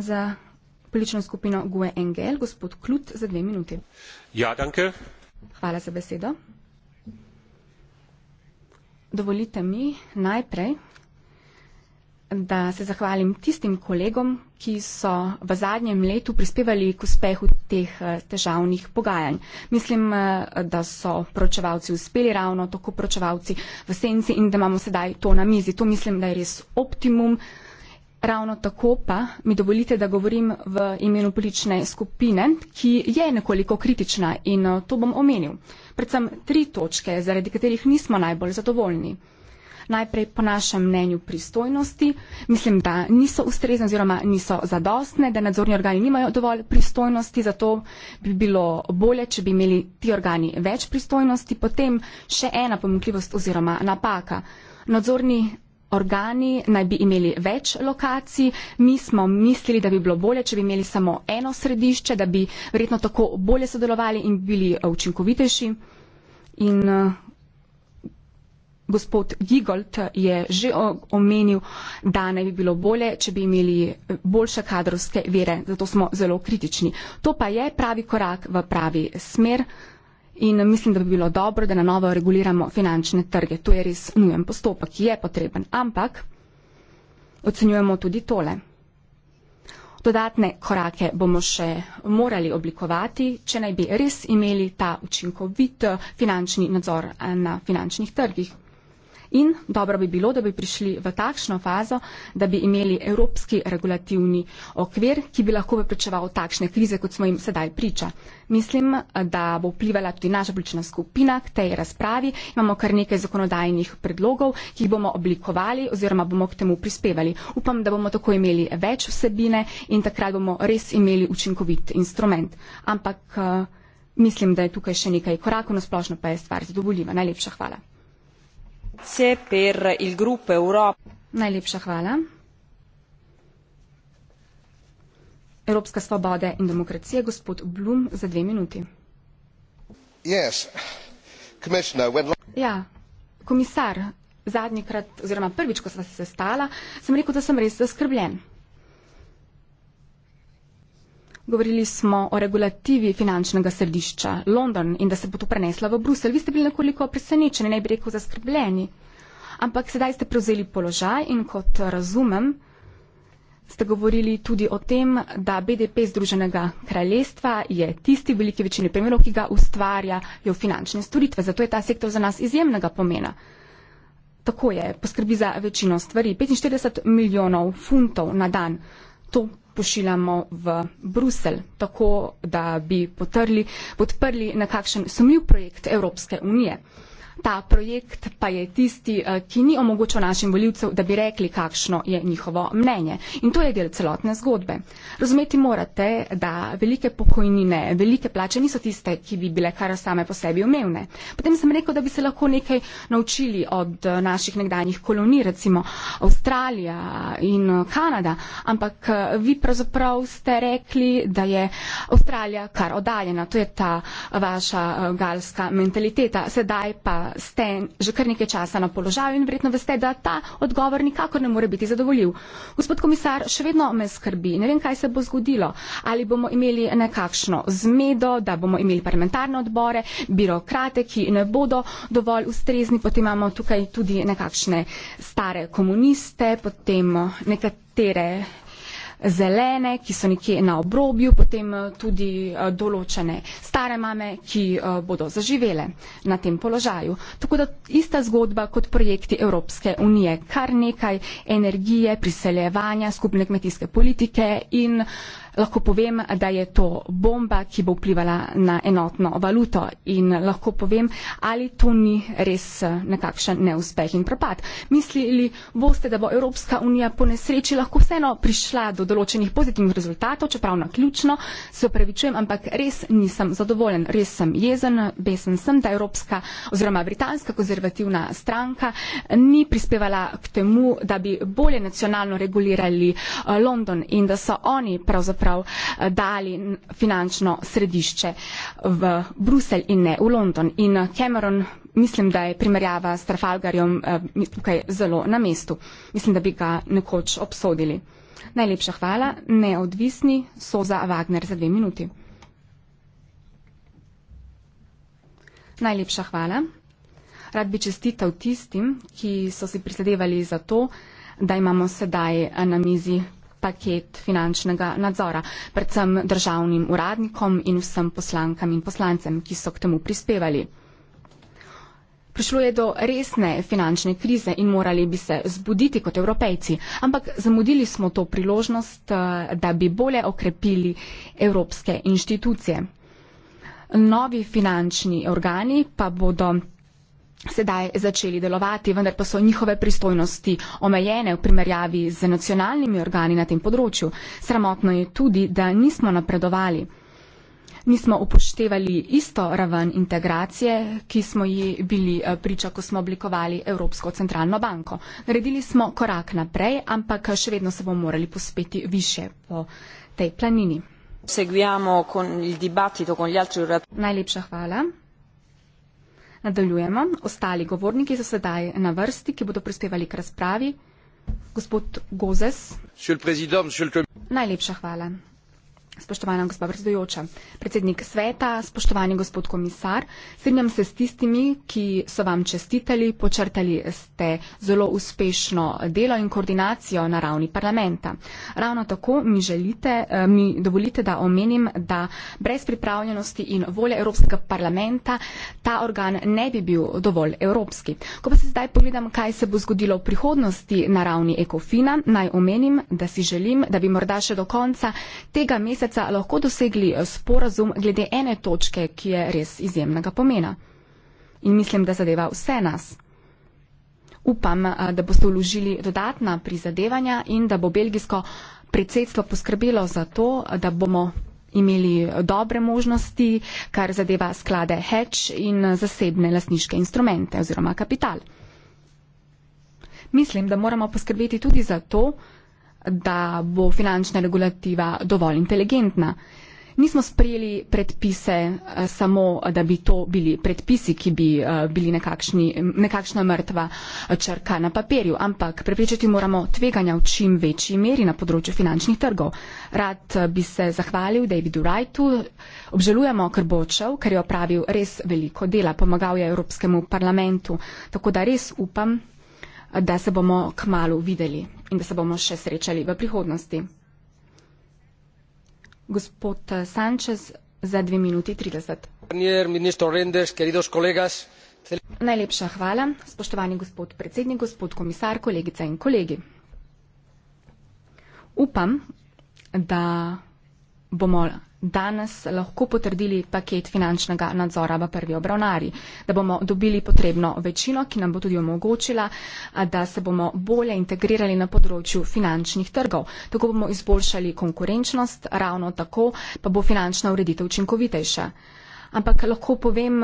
za politično skupino GUE NGL, gospod Klut, za dve minuti. Ja, danke. Hvala za besedo. Dovolite mi najprej, da se zahvalim tistim kolegom, ki so v zadnjem letu prispevali k uspehu teh eh, težavnih pogajanj. Mislim, eh, da so pročevalci uspeli ravno tako pročevalci v senci in da imamo sedaj to na mizi. To mislim, da je res optimum. Ravno tako pa mi dovolite, da govorim v imenu politične skupine, ki je nekoliko kritična in eh, to bom omenil. Predvsem tri točke, zaradi katerih nismo najbolj zadovoljni. Najprej po našem mnenju pristojnosti. Mislim, da niso ustrezne oziroma niso zadostne, da nadzorni organi nimajo dovolj pristojnosti, zato bi bilo bolje, če bi imeli ti organi več pristojnosti. Potem še ena pomankljivost oziroma napaka. Nadzorni organi naj bi imeli več lokacij. Mi smo mislili, da bi bilo bolje, če bi imeli samo eno središče, da bi verjetno tako bolje sodelovali in bili eh, učinkovitejši. In eh, gospod Gigolt je že omenil, da naj bi bilo bolje, če bi imeli eh, boljše kadrovske vere. Zato smo zelo kritični. To pa je pravi korak v pravi smer in mislim, da bi bilo dobro, da na novo reguliramo finančne trge. To je res nujen postopek, ki je potreben. Ampak ocenjujemo tudi tole. Dodatne korake bomo še morali oblikovati, če naj bi res imeli ta učinkovit finančni nadzor na finančnih trgih. In dobro bi bilo, da bi prišli v takšno fazo, da bi imeli evropski regulativni okvir, ki bi lahko preprečeval takšne krize, kot smo jim sedaj priča. Mislim, da bo vplivala tudi naša politična skupina k tej razpravi. Imamo kar nekaj zakonodajnih predlogov, ki jih bomo oblikovali oziroma bomo k temu prispevali. Upam, da bomo tako imeli več vsebine in takrat bomo res imeli učinkovit instrument. Ampak eh, mislim, da je tukaj še nekaj korakov, nasplošno pa je stvar zadovoljiva. Najlepša hvala. Grazie per il gruppo Europa. Najlepša hvala. Evropska svobode in demokracije, gospod Blum, za dve minuti. Yes. When... Ja, komisar, zadnjikrat oziroma prvič, ko sva se sestala, sem rekel, da sem res zaskrbljen. Govorili smo o regulativi finančnega središča London in da se bo to preneslo v Bruselj. Vi ste bili nekoliko presenečeni, ne bi rekel zaskrbljeni. Ampak sedaj ste prevzeli položaj in kot razumem, ste govorili tudi o tem, da BDP Združenega kraljestva je tisti v veliki večini primerov, ki ga ustvarjajo finančne storitve. Zato je ta sektor za nas izjemnega pomena. Tako je, poskrbi za večino stvari. 45 milijonov funtov na dan. To pošiljamo v Bruselj, tako da bi potrli, podprli nekakšen sumljiv projekt Evropske unije. Ta projekt pa je tisti, eh, ki ni omogočal našim voljivcev, da bi rekli, kakšno je njihovo mnenje. In to je del celotne zgodbe. Razumeti morate, da velike pokojnine, velike plače niso tiste, ki bi bile kar same po sebi umevne. Potem sem rekel, da bi se lahko nekaj naučili od eh, naših nekdanjih kolonij, recimo Avstralija in eh, Kanada, ampak vi pravzaprav ste rekli, da je Avstralija kar oddaljena. To je ta vaša galska mentaliteta. Sedaj pa ste že kar nekaj časa na položaju in verjetno veste, da ta odgovor nikakor ne more biti zadovoljiv. Gospod komisar, še vedno me skrbi, ne vem, kaj se bo zgodilo. Ali bomo imeli nekakšno zmedo, da bomo imeli parlamentarne odbore, birokrate, ki ne bodo dovolj ustrezni, potem imamo tukaj tudi nekakšne stare komuniste, potem nekatere zelene, ki so nekje na obrobju, potem eh, tudi eh, določene stare mame, ki eh, bodo zaživele na tem položaju. Tako da ista zgodba kot projekti Evropske unije, kar nekaj energije, priseljevanja, skupne kmetijske politike in lahko povem, da je to bomba, ki bo vplivala na enotno valuto in lahko povem, ali to ni res eh, nekakšen neuspeh in propad. Mislili boste, da bo Evropska unija po nesreči lahko vseeno prišla do določenih pozitivnih rezultatov, čeprav na ključno, se upravičujem, ampak res nisem zadovoljen, res sem jezen, besen sem, da Evropska oziroma Britanska konzervativna stranka ni prispevala k temu, da bi bolje nacionalno regulirali eh, London in da so oni pravzaprav pravzaprav eh, dali finančno središče v Bruselj in ne v London. In eh, Cameron, mislim, da je primerjava s Trafalgarjem eh, tukaj zelo na mestu. Mislim, da bi ga nekoč obsodili. Najlepša hvala, neodvisni so za Wagner za dve minuti. Najlepša hvala. Rad bi čestital tistim, ki so si prizadevali za to, da imamo sedaj na mizi paket finančnega nadzora, predvsem državnim uradnikom in vsem poslankam in poslancem, ki so k temu prispevali. Prišlo je do resne finančne krize in morali bi se zbuditi kot evropejci, ampak zamudili smo to priložnost, eh, da bi bolje okrepili evropske inštitucije. Novi finančni organi pa bodo sedaj začeli delovati, vendar pa so njihove pristojnosti omejene v primerjavi z nacionalnimi organi na tem področju. Sramotno je tudi, da nismo napredovali. Nismo upoštevali isto raven integracije, ki smo ji bili eh, priča, ko smo oblikovali Evropsko centralno banko. Naredili smo korak naprej, ampak eh, še vedno se bomo morali pospeti više po tej planini. Najlepša hvala. Nadaljujemo. Ostali govorniki so sedaj na vrsti, ki bodo prispevali k razpravi. Gospod Gozes. Najlepša hvala. Spoštovana gospa predsedujoča, predsednik sveta, spoštovani gospod komisar, strinjam se s tistimi, ki so vam čestitali, počrtali ste zelo uspešno delo in koordinacijo na ravni parlamenta. Ravno tako mi želite, eh, mi dovolite, da omenim, da brez pripravljenosti in volje Evropskega parlamenta ta organ ne bi bil dovolj evropski. Ko pa se zdaj pogledam, kaj se bo zgodilo v prihodnosti na ravni ECOFIN-a, naj omenim, da si želim, da bi morda še do konca tega meseca meseca lahko dosegli eh, sporazum glede ene točke, ki je res izjemnega pomena. In mislim, da zadeva vse nas. Upam, eh, da boste vložili dodatna prizadevanja in da bo belgijsko predsedstvo poskrbelo za to, da bomo imeli eh, dobre možnosti, kar zadeva sklade hedge in zasebne lasniške instrumente oziroma kapital. Mislim, da moramo poskrbeti tudi za to, da bo finančna regulativa dovolj inteligentna. Nismo sprejeli predpise eh, samo, da bi to bili predpisi, ki bi eh, bili nekakšni, nekakšna mrtva eh, črka na papirju, ampak prepričati moramo tveganja v čim večji meri na področju finančnih trgov. Rad bi se zahvalil Davidu Wrightu, obžalujemo, ker bo odšel, ker je opravil res veliko dela, pomagal je Evropskemu parlamentu, tako da res upam, da se bomo kmalo videli in da se bomo še srečali v prihodnosti. Gospod Sanchez, za dve minuti trideset. Najlepša hvala, spoštovani gospod predsednik, gospod komisar, kolegice in kolegi. Upam, da bomo danes lahko potrdili paket finančnega nadzora v prvi obravnari, da bomo dobili potrebno večino, ki nam bo tudi omogočila, da se bomo bolje integrirali na področju finančnih trgov. Tako bomo izboljšali konkurenčnost, ravno tako pa bo finančna ureditev učinkovitejša. Ampak lahko povem,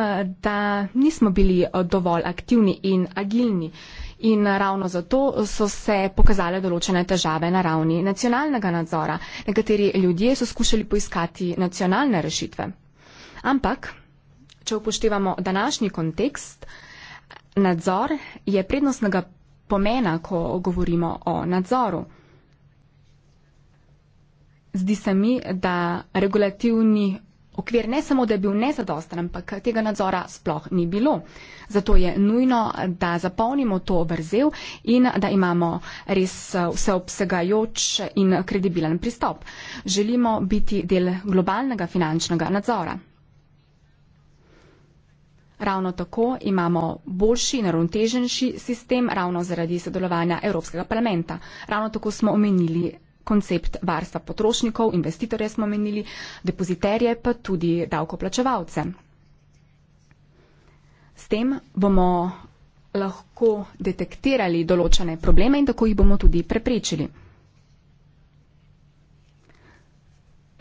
da nismo bili eh, dovolj aktivni in agilni in ravno zato so se pokazale določene težave na ravni nacionalnega nadzora. Nekateri ljudje so skušali poiskati nacionalne rešitve. Ampak, če upoštevamo današnji kontekst, nadzor je prednostnega pomena, ko govorimo o nadzoru. Zdi se mi, da regulativni okvir ne samo, da je bil nezadosten, ampak tega nadzora sploh ni bilo. Zato je nujno, da zapolnimo to vrzel in da imamo res eh, vseobsegajoč in kredibilen pristop. Želimo biti del globalnega finančnega nadzora. Ravno tako imamo boljši, naravnotežnejši sistem, ravno zaradi sodelovanja Evropskega parlamenta. Ravno tako smo omenili koncept varstva potrošnikov, investitorje smo menili, depoziterje pa tudi davkoplačevalce. S tem bomo lahko detektirali določene probleme in tako jih bomo tudi preprečili.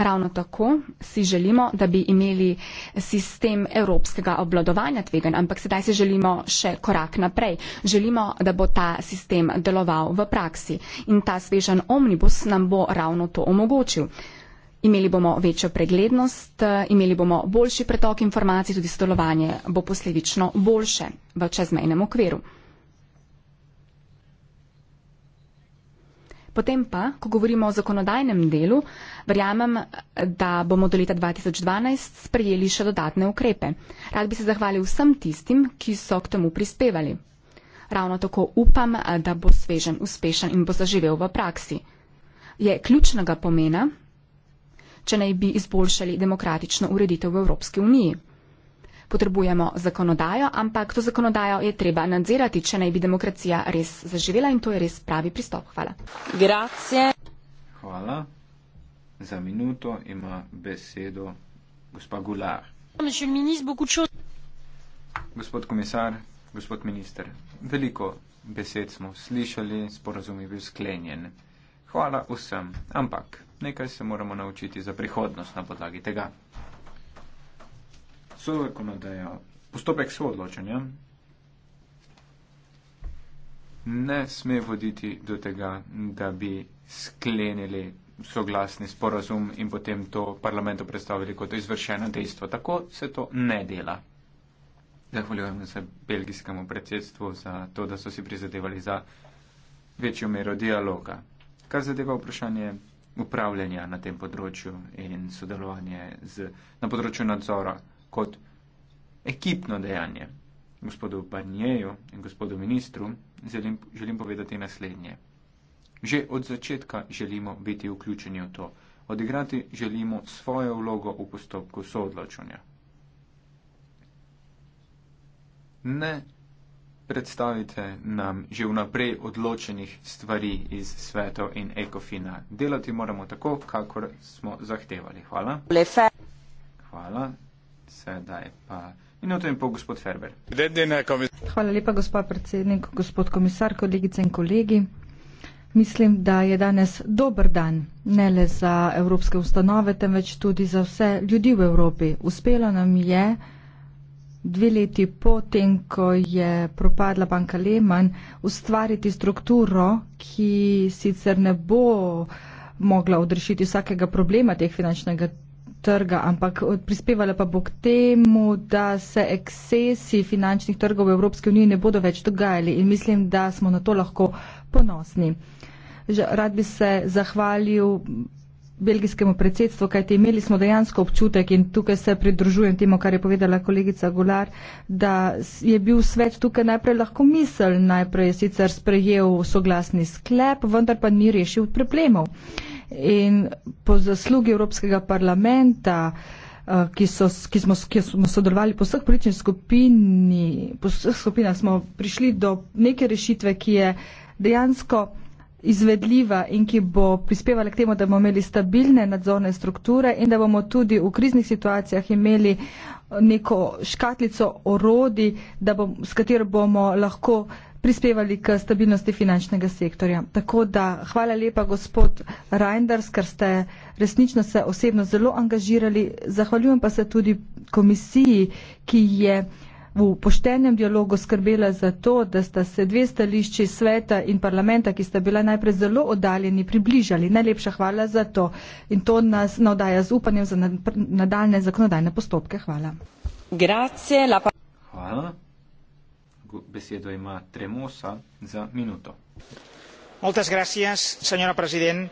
Ravno tako si želimo, da bi imeli sistem evropskega obladovanja tveganj, ampak sedaj si želimo še korak naprej. Želimo, da bo ta sistem deloval v praksi in ta svežen omnibus nam bo ravno to omogočil. Imeli bomo večjo preglednost, imeli bomo boljši pretok informacij, tudi sodelovanje bo posledično boljše v čezmejnem okviru. Potem pa, ko govorimo o zakonodajnem delu, verjamem, da bomo do leta 2012 sprejeli še dodatne ukrepe. Rad bi se zahvalil vsem tistim, ki so k temu prispevali. Ravno tako upam, da bo svežen, uspešen in bo zaživel v praksi. Je ključnega pomena, če naj bi izboljšali demokratično ureditev v Evropski uniji potrebujemo zakonodajo, ampak to zakonodajo je treba nadzirati, če naj bi demokracija res zaživela in to je res pravi pristop. Hvala. Grazie. Hvala. Za minuto ima besedo gospa Gular. Gospod komisar, gospod minister, veliko besed smo slišali, sporazum je bil sklenjen. Hvala vsem, ampak nekaj se moramo naučiti za prihodnost na podlagi tega so zakonodaja, postopek soodločanja ne sme voditi do tega, da bi sklenili soglasni sporazum in potem to parlamentu predstavili kot izvršeno dejstvo. Tako se to ne dela. Zahvaljujem se belgijskemu predsedstvu za to, da so si prizadevali za večjo mero dialoga. Kar zadeva vprašanje upravljanja na tem področju in sodelovanje z, na področju nadzora kot ekipno dejanje. Gospodu Barnjeju in gospodu ministru želim, želim povedati naslednje. Že od začetka želimo biti vključeni v to. Odigrati želimo svojo vlogo v postopku soodločanja. Ne predstavite nam že vnaprej odločenih stvari iz svetov in ekofina. Delati moramo tako, kakor smo zahtevali. Hvala. Hvala. Sedaj pa minuto in pol, gospod Ferber. Hvala lepa, gospod predsednik, gospod komisar, kolegice in kolegi. Mislim, da je danes dober dan, ne le za evropske ustanove, temveč tudi za vse ljudi v Evropi. Uspelo nam je dve leti po tem, ko je propadla banka Lehman, ustvariti strukturo, ki sicer ne bo mogla odrešiti vsakega problema teh finančnega trga, ampak prispevala pa bo k temu, da se ekscesi finančnih trgov v Evropski uniji ne bodo več dogajali in mislim, da smo na to lahko ponosni. Rad bi se zahvalil belgijskemu predsedstvu, kajte imeli smo dejansko občutek in tukaj se pridružujem temu, kar je povedala kolegica Gular, da je bil svet tukaj najprej lahko misel, najprej je sicer sprejel soglasni sklep, vendar pa ni rešil problemov in po zaslugi Evropskega parlamenta, eh, ki, so, ki, smo, ki smo sodelovali po vseh političnih skupini, po vseh skupinah smo prišli do neke rešitve, ki je dejansko izvedljiva in ki bo prispevala k temu, da bomo imeli stabilne nadzorne strukture in da bomo tudi v kriznih situacijah imeli eh, neko škatlico orodi, bom, s katero bomo lahko prispevali k stabilnosti finančnega sektorja. Tako da hvala lepa, gospod Reinders, ker ste resnično se osebno zelo angažirali. Zahvaljujem pa se tudi komisiji, ki je v poštenem dialogu skrbela za to, da sta se dve stališči sveta in parlamenta, ki sta bila najprej zelo oddaljeni, približali. Najlepša hvala za to in to nas navdaja z upanjem za nadaljne zakonodajne postopke. Hvala. Grazie, la... Hvala besedo ima Tremosa za minuto. Moltes gracias, senjora president.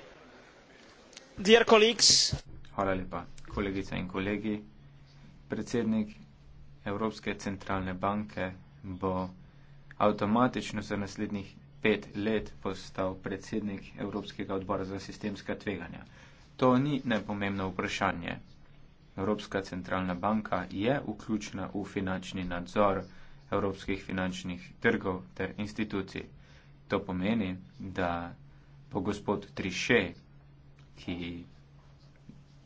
Dear colleagues. Hvala lepa, kolegica in kolegi. Predsednik Evropske centralne banke bo avtomatično za naslednjih pet let postal predsednik Evropskega odbora za sistemska tveganja. To ni najpomembno vprašanje. Evropska centralna banka je vključena v finančni nadzor evropskih finančnih trgov ter institucij. To pomeni, da bo gospod Triše, ki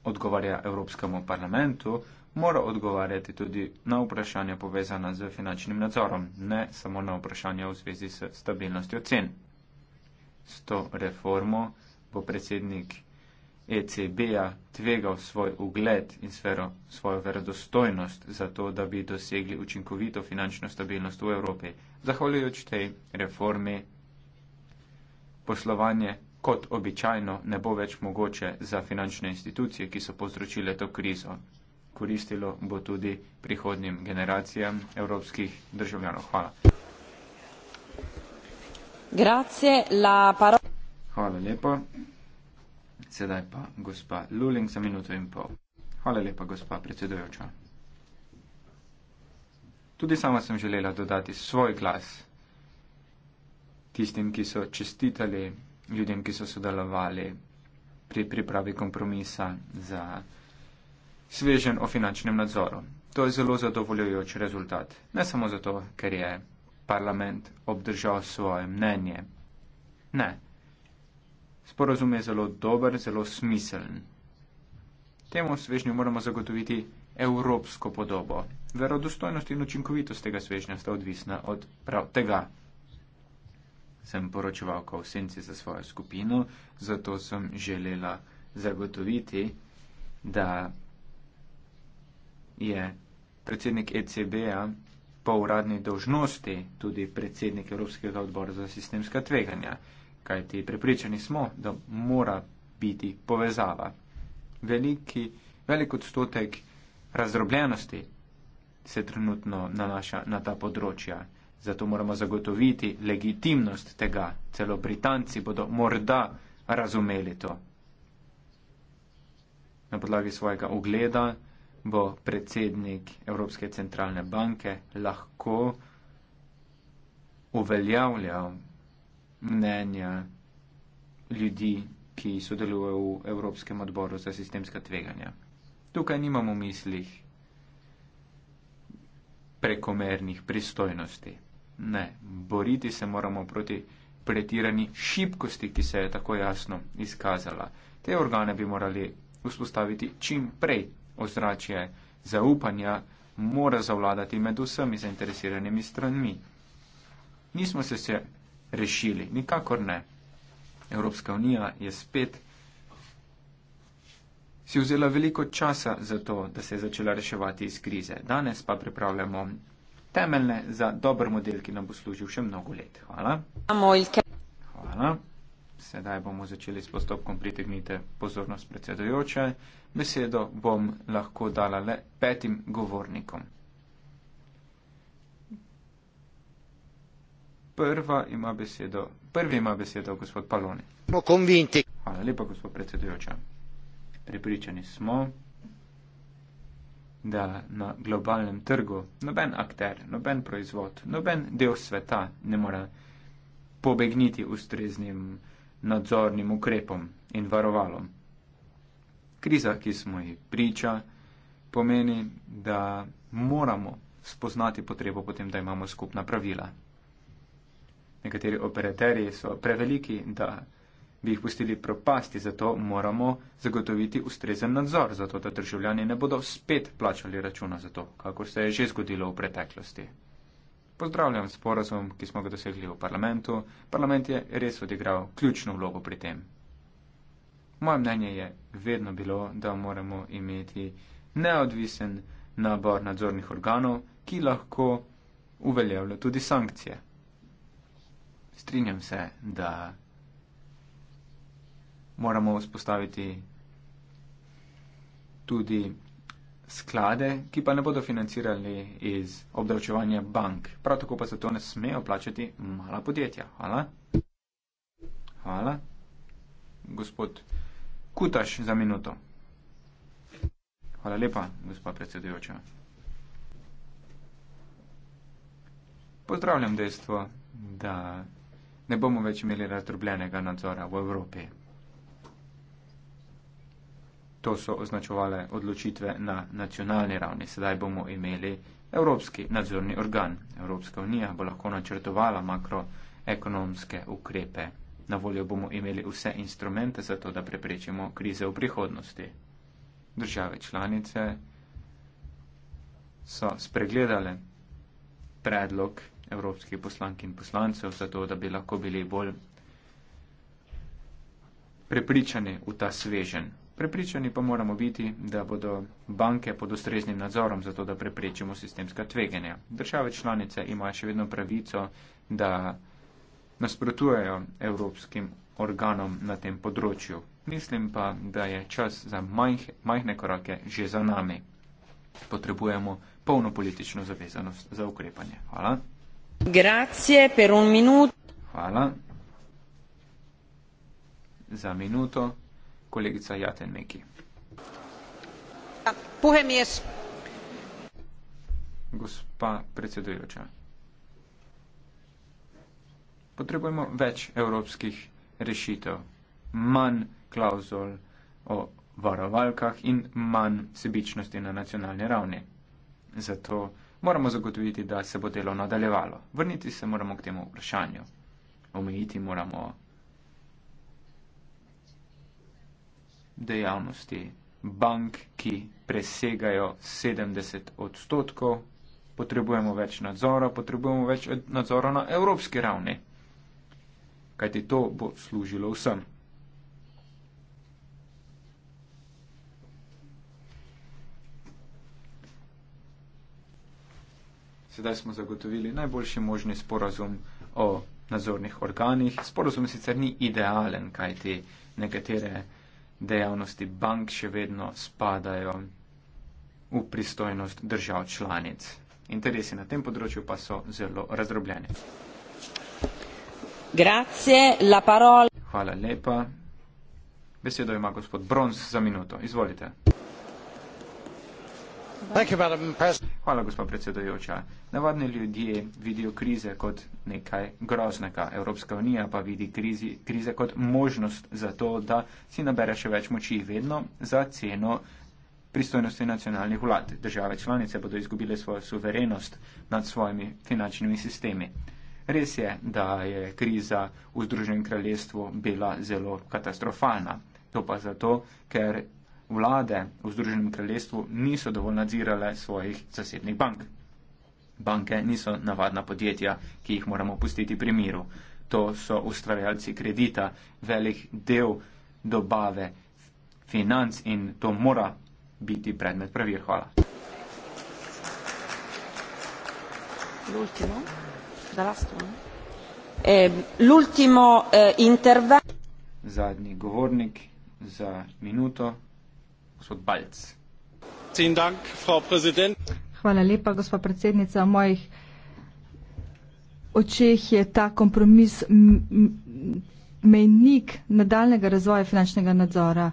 odgovarja Evropskemu parlamentu, mora odgovarjati tudi na vprašanja povezana z finančnim nadzorom, ne samo na vprašanja v zvezi s stabilnostjo cen. S to reformo bo predsednik ECB-ja tvegal svoj ugled in svero, svojo verodostojnost za to, da bi dosegli učinkovito finančno stabilnost v Evropi. Zahvaljujoč tej reformi poslovanje kot običajno ne bo več mogoče za finančne institucije, ki so povzročile to krizo. Koristilo bo tudi prihodnim generacijam evropskih državljanov. Hvala. Grazie, la parola. Hvala lepa. Sedaj pa gospa Luling za minuto in pol. Hvala lepa, gospa predsedujoča. Tudi sama sem želela dodati svoj glas tistim, ki so čestitali ljudem, ki so sodelovali pri pripravi kompromisa za svežen o finančnem nadzoru. To je zelo zadovoljujoč rezultat. Ne samo zato, ker je parlament obdržal svoje mnenje. Ne, sporozum je zelo dober, zelo smiseln. Temu svežnju moramo zagotoviti evropsko podobo. Verodostojnost in učinkovitost tega svežnja sta odvisna od prav tega. Sem poročevalka v senci za svojo skupino, zato sem želela zagotoviti, da je predsednik ECB-a po uradni dožnosti tudi predsednik Evropskega odbora za sistemska tveganja kajti prepričani smo, da mora biti povezava. Veliki, velik odstotek razdrobljenosti se trenutno nanaša na ta področja, zato moramo zagotoviti legitimnost tega. Celo Britanci bodo morda razumeli to. Na podlagi svojega ogleda bo predsednik Evropske centralne banke lahko uveljavljal mnenja ljudi, ki sodelujejo v Evropskem odboru za sistemska tveganja. Tukaj nimamo v mislih prekomernih pristojnosti. Ne, boriti se moramo proti pretirani šibkosti, ki se je tako jasno izkazala. Te organe bi morali vzpostaviti čim prej. Ozračje zaupanja mora zavladati med vsemi zainteresiranimi stranmi. Nismo se, se rešili. Nikakor ne. Evropska unija je spet si vzela veliko časa za to, da se je začela reševati iz krize. Danes pa pripravljamo temeljne za dober model, ki nam bo služil še mnogo let. Hvala. Hvala. Sedaj bomo začeli s postopkom pritegnite pozornost predsedojoče. Besedo bom lahko dala le petim govornikom. prva ima besedo, prvi ima besedo gospod Paloni. Smo konvinti. Hvala lepa, gospod predsedujoča. Pripričani smo, da na globalnem trgu noben akter, noben proizvod, noben del sveta ne more pobegniti ustreznim nadzornim ukrepom in varovalom. Kriza, ki smo ji priča, pomeni, da moramo spoznati potrebo potem, da imamo skupna pravila nekateri operaterji so preveliki, da bi jih pustili propasti, zato moramo zagotoviti ustrezen nadzor, zato da državljani ne bodo spet plačali računa za to, kakor se je že zgodilo v preteklosti. Pozdravljam sporazum, ki smo ga dosegli v parlamentu. Parlament je res odigral ključno vlogo pri tem. Moje mnenje je vedno bilo, da moramo imeti neodvisen nabor nadzornih organov, ki lahko uveljavlja tudi sankcije strinjam se, da moramo vzpostaviti tudi sklade, ki pa ne bodo financirali iz obdavčevanja bank. Prav tako pa se to ne smejo plačati mala podjetja. Hvala. Hvala. Gospod Kutaš za minuto. Hvala lepa, gospod predsedujoča. Pozdravljam dejstvo, da ne bomo več imeli razdrobljenega nadzora v Evropi. To so označovale odločitve na nacionalni ravni. Sedaj bomo imeli Evropski nadzorni organ. Evropska unija bo lahko načrtovala makroekonomske ukrepe. Na voljo bomo imeli vse instrumente za to, da preprečimo krize v prihodnosti. Države članice so spregledale predlog evropskih poslank in poslancev, zato da bi lahko bili bolj prepričani v ta svežen. Prepričani pa moramo biti, da bodo banke pod ustreznim nadzorom, zato da preprečimo sistemska tveganja. Države članice imajo še vedno pravico, da nasprotujejo evropskim organom na tem področju. Mislim pa, da je čas za majh, majhne korake že za nami. Potrebujemo polno politično zavezanost za ukrepanje. Hvala. Hvala. Za minuto kolegica Jaten Meki. Ja, puhemies. Gospa predsedujoča. Potrebujemo več evropskih rešitev, manj klauzul o varovalkah in manj sebičnosti na nacionalni ravni. Zato moramo zagotoviti, da se bo delo nadaljevalo. Vrniti se moramo k temu vprašanju. Omejiti moramo dejavnosti bank, ki presegajo 70 odstotkov. Potrebujemo več nadzora, potrebujemo več nadzora na evropski ravni. Kajti to bo služilo vsem. Sedaj smo zagotovili najboljši možni sporazum o nadzornih organih. Sporazum sicer ni idealen, kaj ti nekatere dejavnosti bank še vedno spadajo v pristojnost držav članic. Interesi na tem področju pa so zelo razdrobljeni. Grazie, la parola. Hvala lepa. Besedo ima gospod Brons za minuto. Izvolite. Hvala, gospa predsedojoča. Navadni ljudje vidijo krize kot nekaj groznega. Evropska unija pa vidi krizi, krize kot možnost za to, da si nabere še več moči vedno za ceno pristojnosti nacionalnih vlad. Države članice bodo izgubile svojo suverenost nad svojimi finančnimi sistemi. Res je, da je kriza v Združenem kraljestvu bila zelo katastrofalna. To pa zato, ker vlade v Združenem kraljestvu niso dovolj nadzirale svojih zasebnih bank. Banke niso navadna podjetja, ki jih moramo pustiti pri miru. To so ustvarjalci kredita, velik del dobave financ in to mora biti predmet pravir. Hvala. Eh, eh, Zadnji govornik za minuto gospod Balc. Hvala lepa, gospod predsednica. V mojih očeh je ta kompromis mejnik nadaljnega razvoja finančnega nadzora.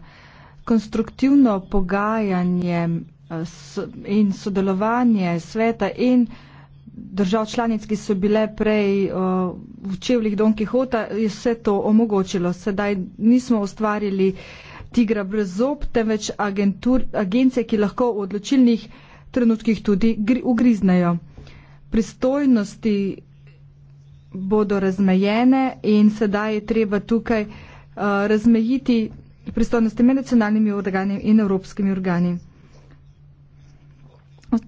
Konstruktivno pogajanje in sodelovanje sveta in držav članic, ki so bile prej v čevljih Don Quixota, je vse to omogočilo. Sedaj nismo ustvarili tigra brez zob, temveč agentur, agencije, ki lahko v odločilnih trenutkih tudi gri, ugriznejo. Pristojnosti bodo razmejene in sedaj je treba tukaj uh, razmejiti pristojnosti med nacionalnimi organi in evropskimi organi.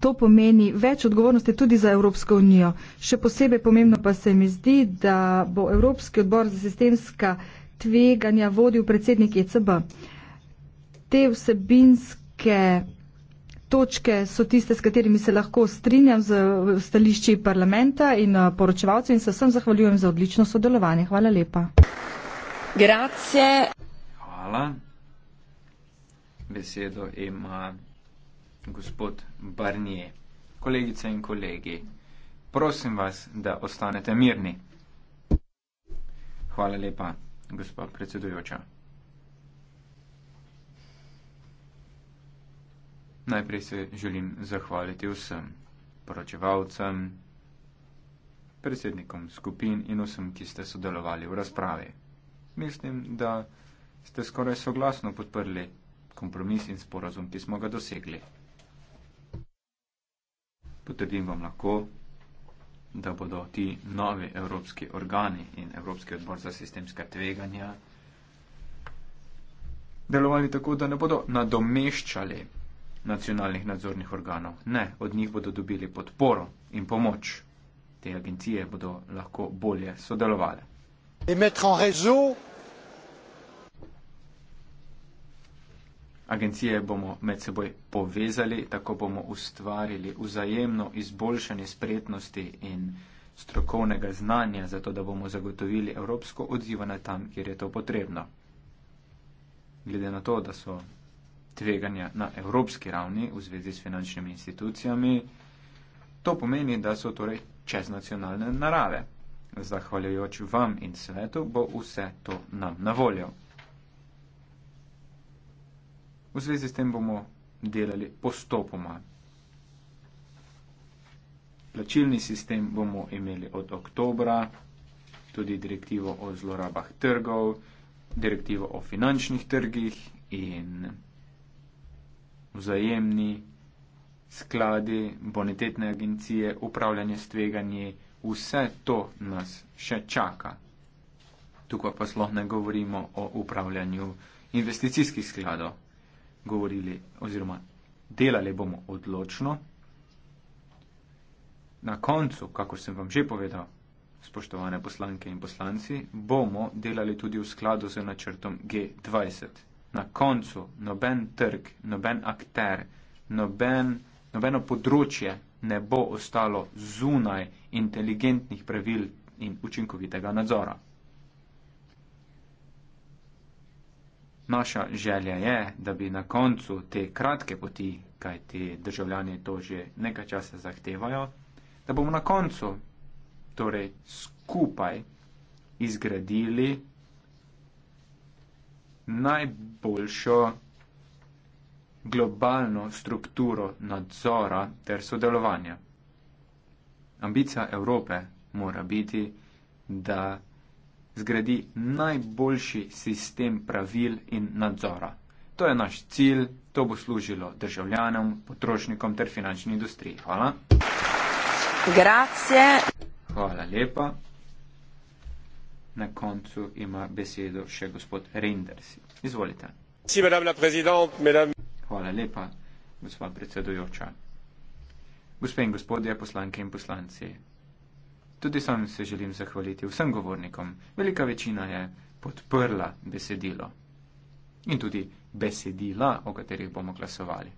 To pomeni več odgovornosti tudi za Evropsko unijo. Še posebej pomembno pa se mi zdi, da bo Evropski odbor za sistemska tveganja vodil predsednik ECB. Uh, te vsebinske točke so tiste, s katerimi se lahko strinjam z stališči parlamenta in eh, poročevalcev in se vsem zahvaljujem za odlično sodelovanje. Hvala lepa. Grazie. Hvala. Besedo ima gospod Barnier. Kolegice in kolegi, prosim vas, da ostanete mirni. Hvala lepa, gospod predsedujoča. Najprej se želim zahvaliti vsem poročevalcem, predsednikom skupin in vsem, ki ste sodelovali v razpravi. Mislim, da ste skoraj soglasno podprli kompromis in sporazum, ki smo ga dosegli. Potrdim vam lahko, da bodo ti novi evropski organi in Evropski odbor za sistemska tveganja delovali tako, da ne bodo nadomeščali nacionalnih nadzornih organov. Ne, od njih bodo dobili podporo in pomoč. Te agencije bodo lahko bolje sodelovali. Agencije bomo med seboj povezali, tako bomo ustvarili vzajemno izboljšanje spretnosti in strokovnega znanja, zato da bomo zagotovili evropsko odzivanje tam, kjer je to potrebno. Glede na to, da so tveganja na evropski ravni v zvezi s finančnimi institucijami. To pomeni, da so torej čeznacionalne narave. Zahvaljujoč vam in svetu bo vse to nam na voljo. V zvezi s tem bomo delali postopoma. Plačilni sistem bomo imeli od oktobra, tudi direktivo o zlorabah trgov, direktivo o finančnih trgih in vzajemni, skladi, bonitetne agencije, upravljanje s tveganji, vse to nas še čaka. Tukaj pa sloh ne govorimo o upravljanju investicijskih skladov. Govorili oziroma delali bomo odločno. Na koncu, kako sem vam že povedal, spoštovane poslanke in poslanci, bomo delali tudi v skladu z načrtom G20 na koncu noben trg, noben akter, noben, nobeno področje ne bo ostalo zunaj inteligentnih pravil in učinkovitega nadzora. Naša želja je, da bi na koncu te kratke poti, kaj ti državljani to že nekaj časa zahtevajo, da bomo na koncu, torej skupaj, izgradili najboljšo globalno strukturo nadzora ter sodelovanja. Ambicija Evrope mora biti, da zgradi najboljši sistem pravil in nadzora. To je naš cilj, to bo služilo državljanom, potrošnikom ter finančni industriji. Hvala. Grazie. Hvala lepa. Na koncu ima besedo še gospod Reinders. Izvolite. Hvala lepa, gospod predsedujoča. Gospe in gospodje, poslanke in poslanci. Tudi sam se želim zahvaliti vsem govornikom. Velika večina je podprla besedilo. In tudi besedila, o katerih bomo glasovali.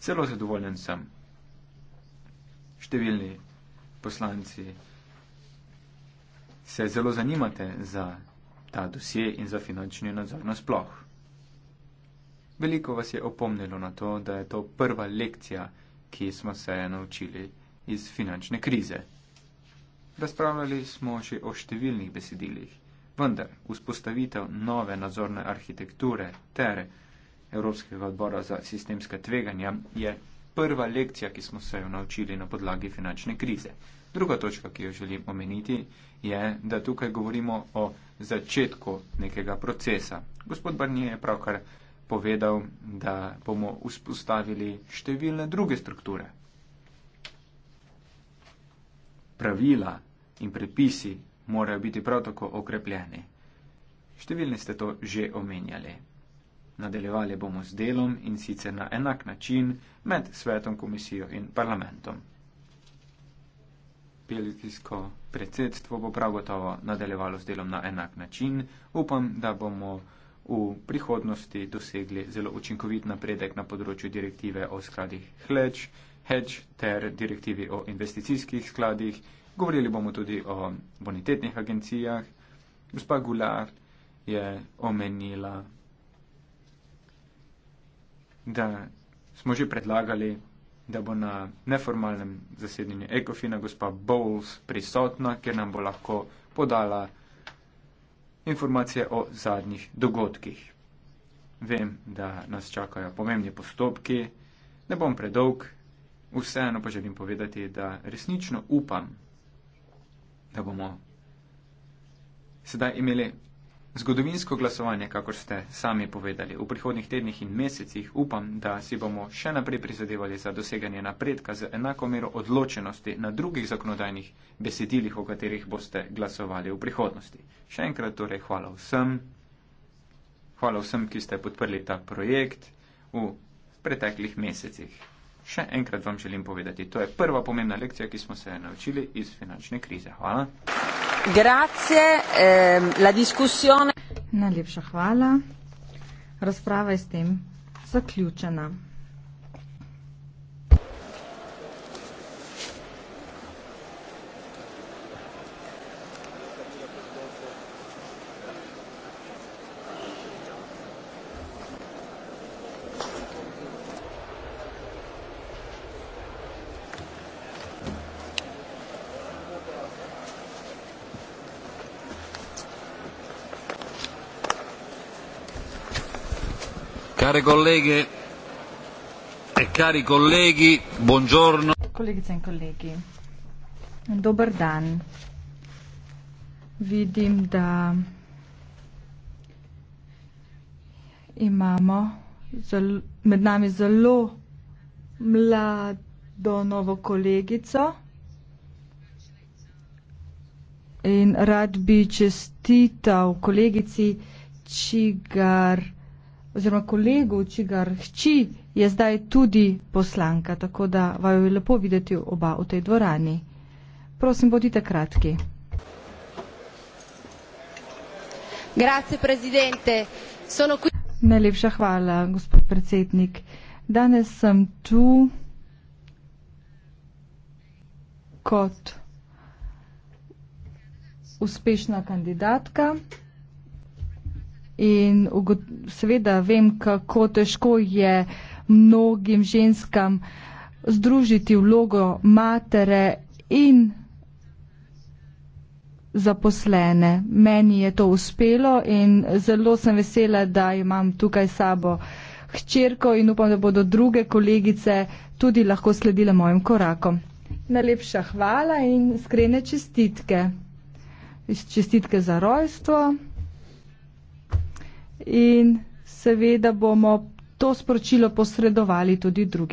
Celo zadovoljen sem. Številni poslanci se zelo zanimate za ta dosje in za finančni nadzor na sploh. Veliko vas je opomnilo na to, da je to prva lekcija, ki smo se je naučili iz finančne krize. Razpravljali smo še o številnih besedilih, vendar vzpostavitev nove nadzorne arhitekture ter Evropskega odbora za sistemska tveganja je prva lekcija, ki smo se jo naučili na podlagi finančne krize. Druga točka, ki jo želim omeniti, je, da tukaj govorimo o začetku nekega procesa. Gospod Barnier je pravkar povedal, da bomo vzpostavili številne druge strukture. Pravila in predpisi morajo biti prav tako okrepljeni. Številni ste to že omenjali. Nadaljevali bomo z delom in sicer na enak način med svetom, komisijo in parlamentom belgijsko predsedstvo bo prav gotovo nadaljevalo s delom na enak način. Upam, da bomo v prihodnosti dosegli zelo učinkovit napredek na področju direktive o skladih Hledž, Hedž ter direktivi o investicijskih skladih. Govorili bomo tudi o bonitetnih agencijah. Gospa Gular je omenila, da smo že predlagali da bo na neformalnem zasedanju Ekofina gospa Bowles prisotna, ker nam bo lahko podala informacije o zadnjih dogodkih. Vem, da nas čakajo pomembni postopki, ne bom predolg, vseeno pa želim povedati, da resnično upam, da bomo sedaj imeli Zgodovinsko glasovanje, kako ste sami povedali, v prihodnih tednih in mesecih upam, da si bomo še naprej prizadevali za doseganje napredka z enako mero odločenosti na drugih zakonodajnih besedilih, o katerih boste glasovali v prihodnosti. Še enkrat torej hvala vsem, hvala vsem, ki ste podprli ta projekt v preteklih mesecih. Še enkrat vam želim povedati, to je prva pomembna lekcija, ki smo se naučili iz finančne krize. Hvala. Grazie. Ehm, la discussione. Najlepša hvala. Razprava je s tem zaključena. Care colleghe e cari colleghi, buongiorno. Kolegice in kolegi, dober dan. Vidim, da imamo zelo, med nami zelo mlado novo kolegico in rad bi čestital kolegici Čigar oziroma kolegu, čigar hči je zdaj tudi poslanka, tako da vaju je lepo videti oba v tej dvorani. Prosim, bodite kratki. Grazie, prezidente. Qui... Najlepša hvala, gospod predsednik. Danes sem tu kot uspešna kandidatka. In seveda vem, kako težko je mnogim ženskam združiti vlogo matere in zaposlene. Meni je to uspelo in zelo sem vesela, da imam tukaj sabo hčerko in upam, da bodo druge kolegice tudi lahko sledile mojim korakom. Najlepša hvala in skrene čestitke. Čestitke za rojstvo in seveda bomo to sporočilo posredovali tudi drugim.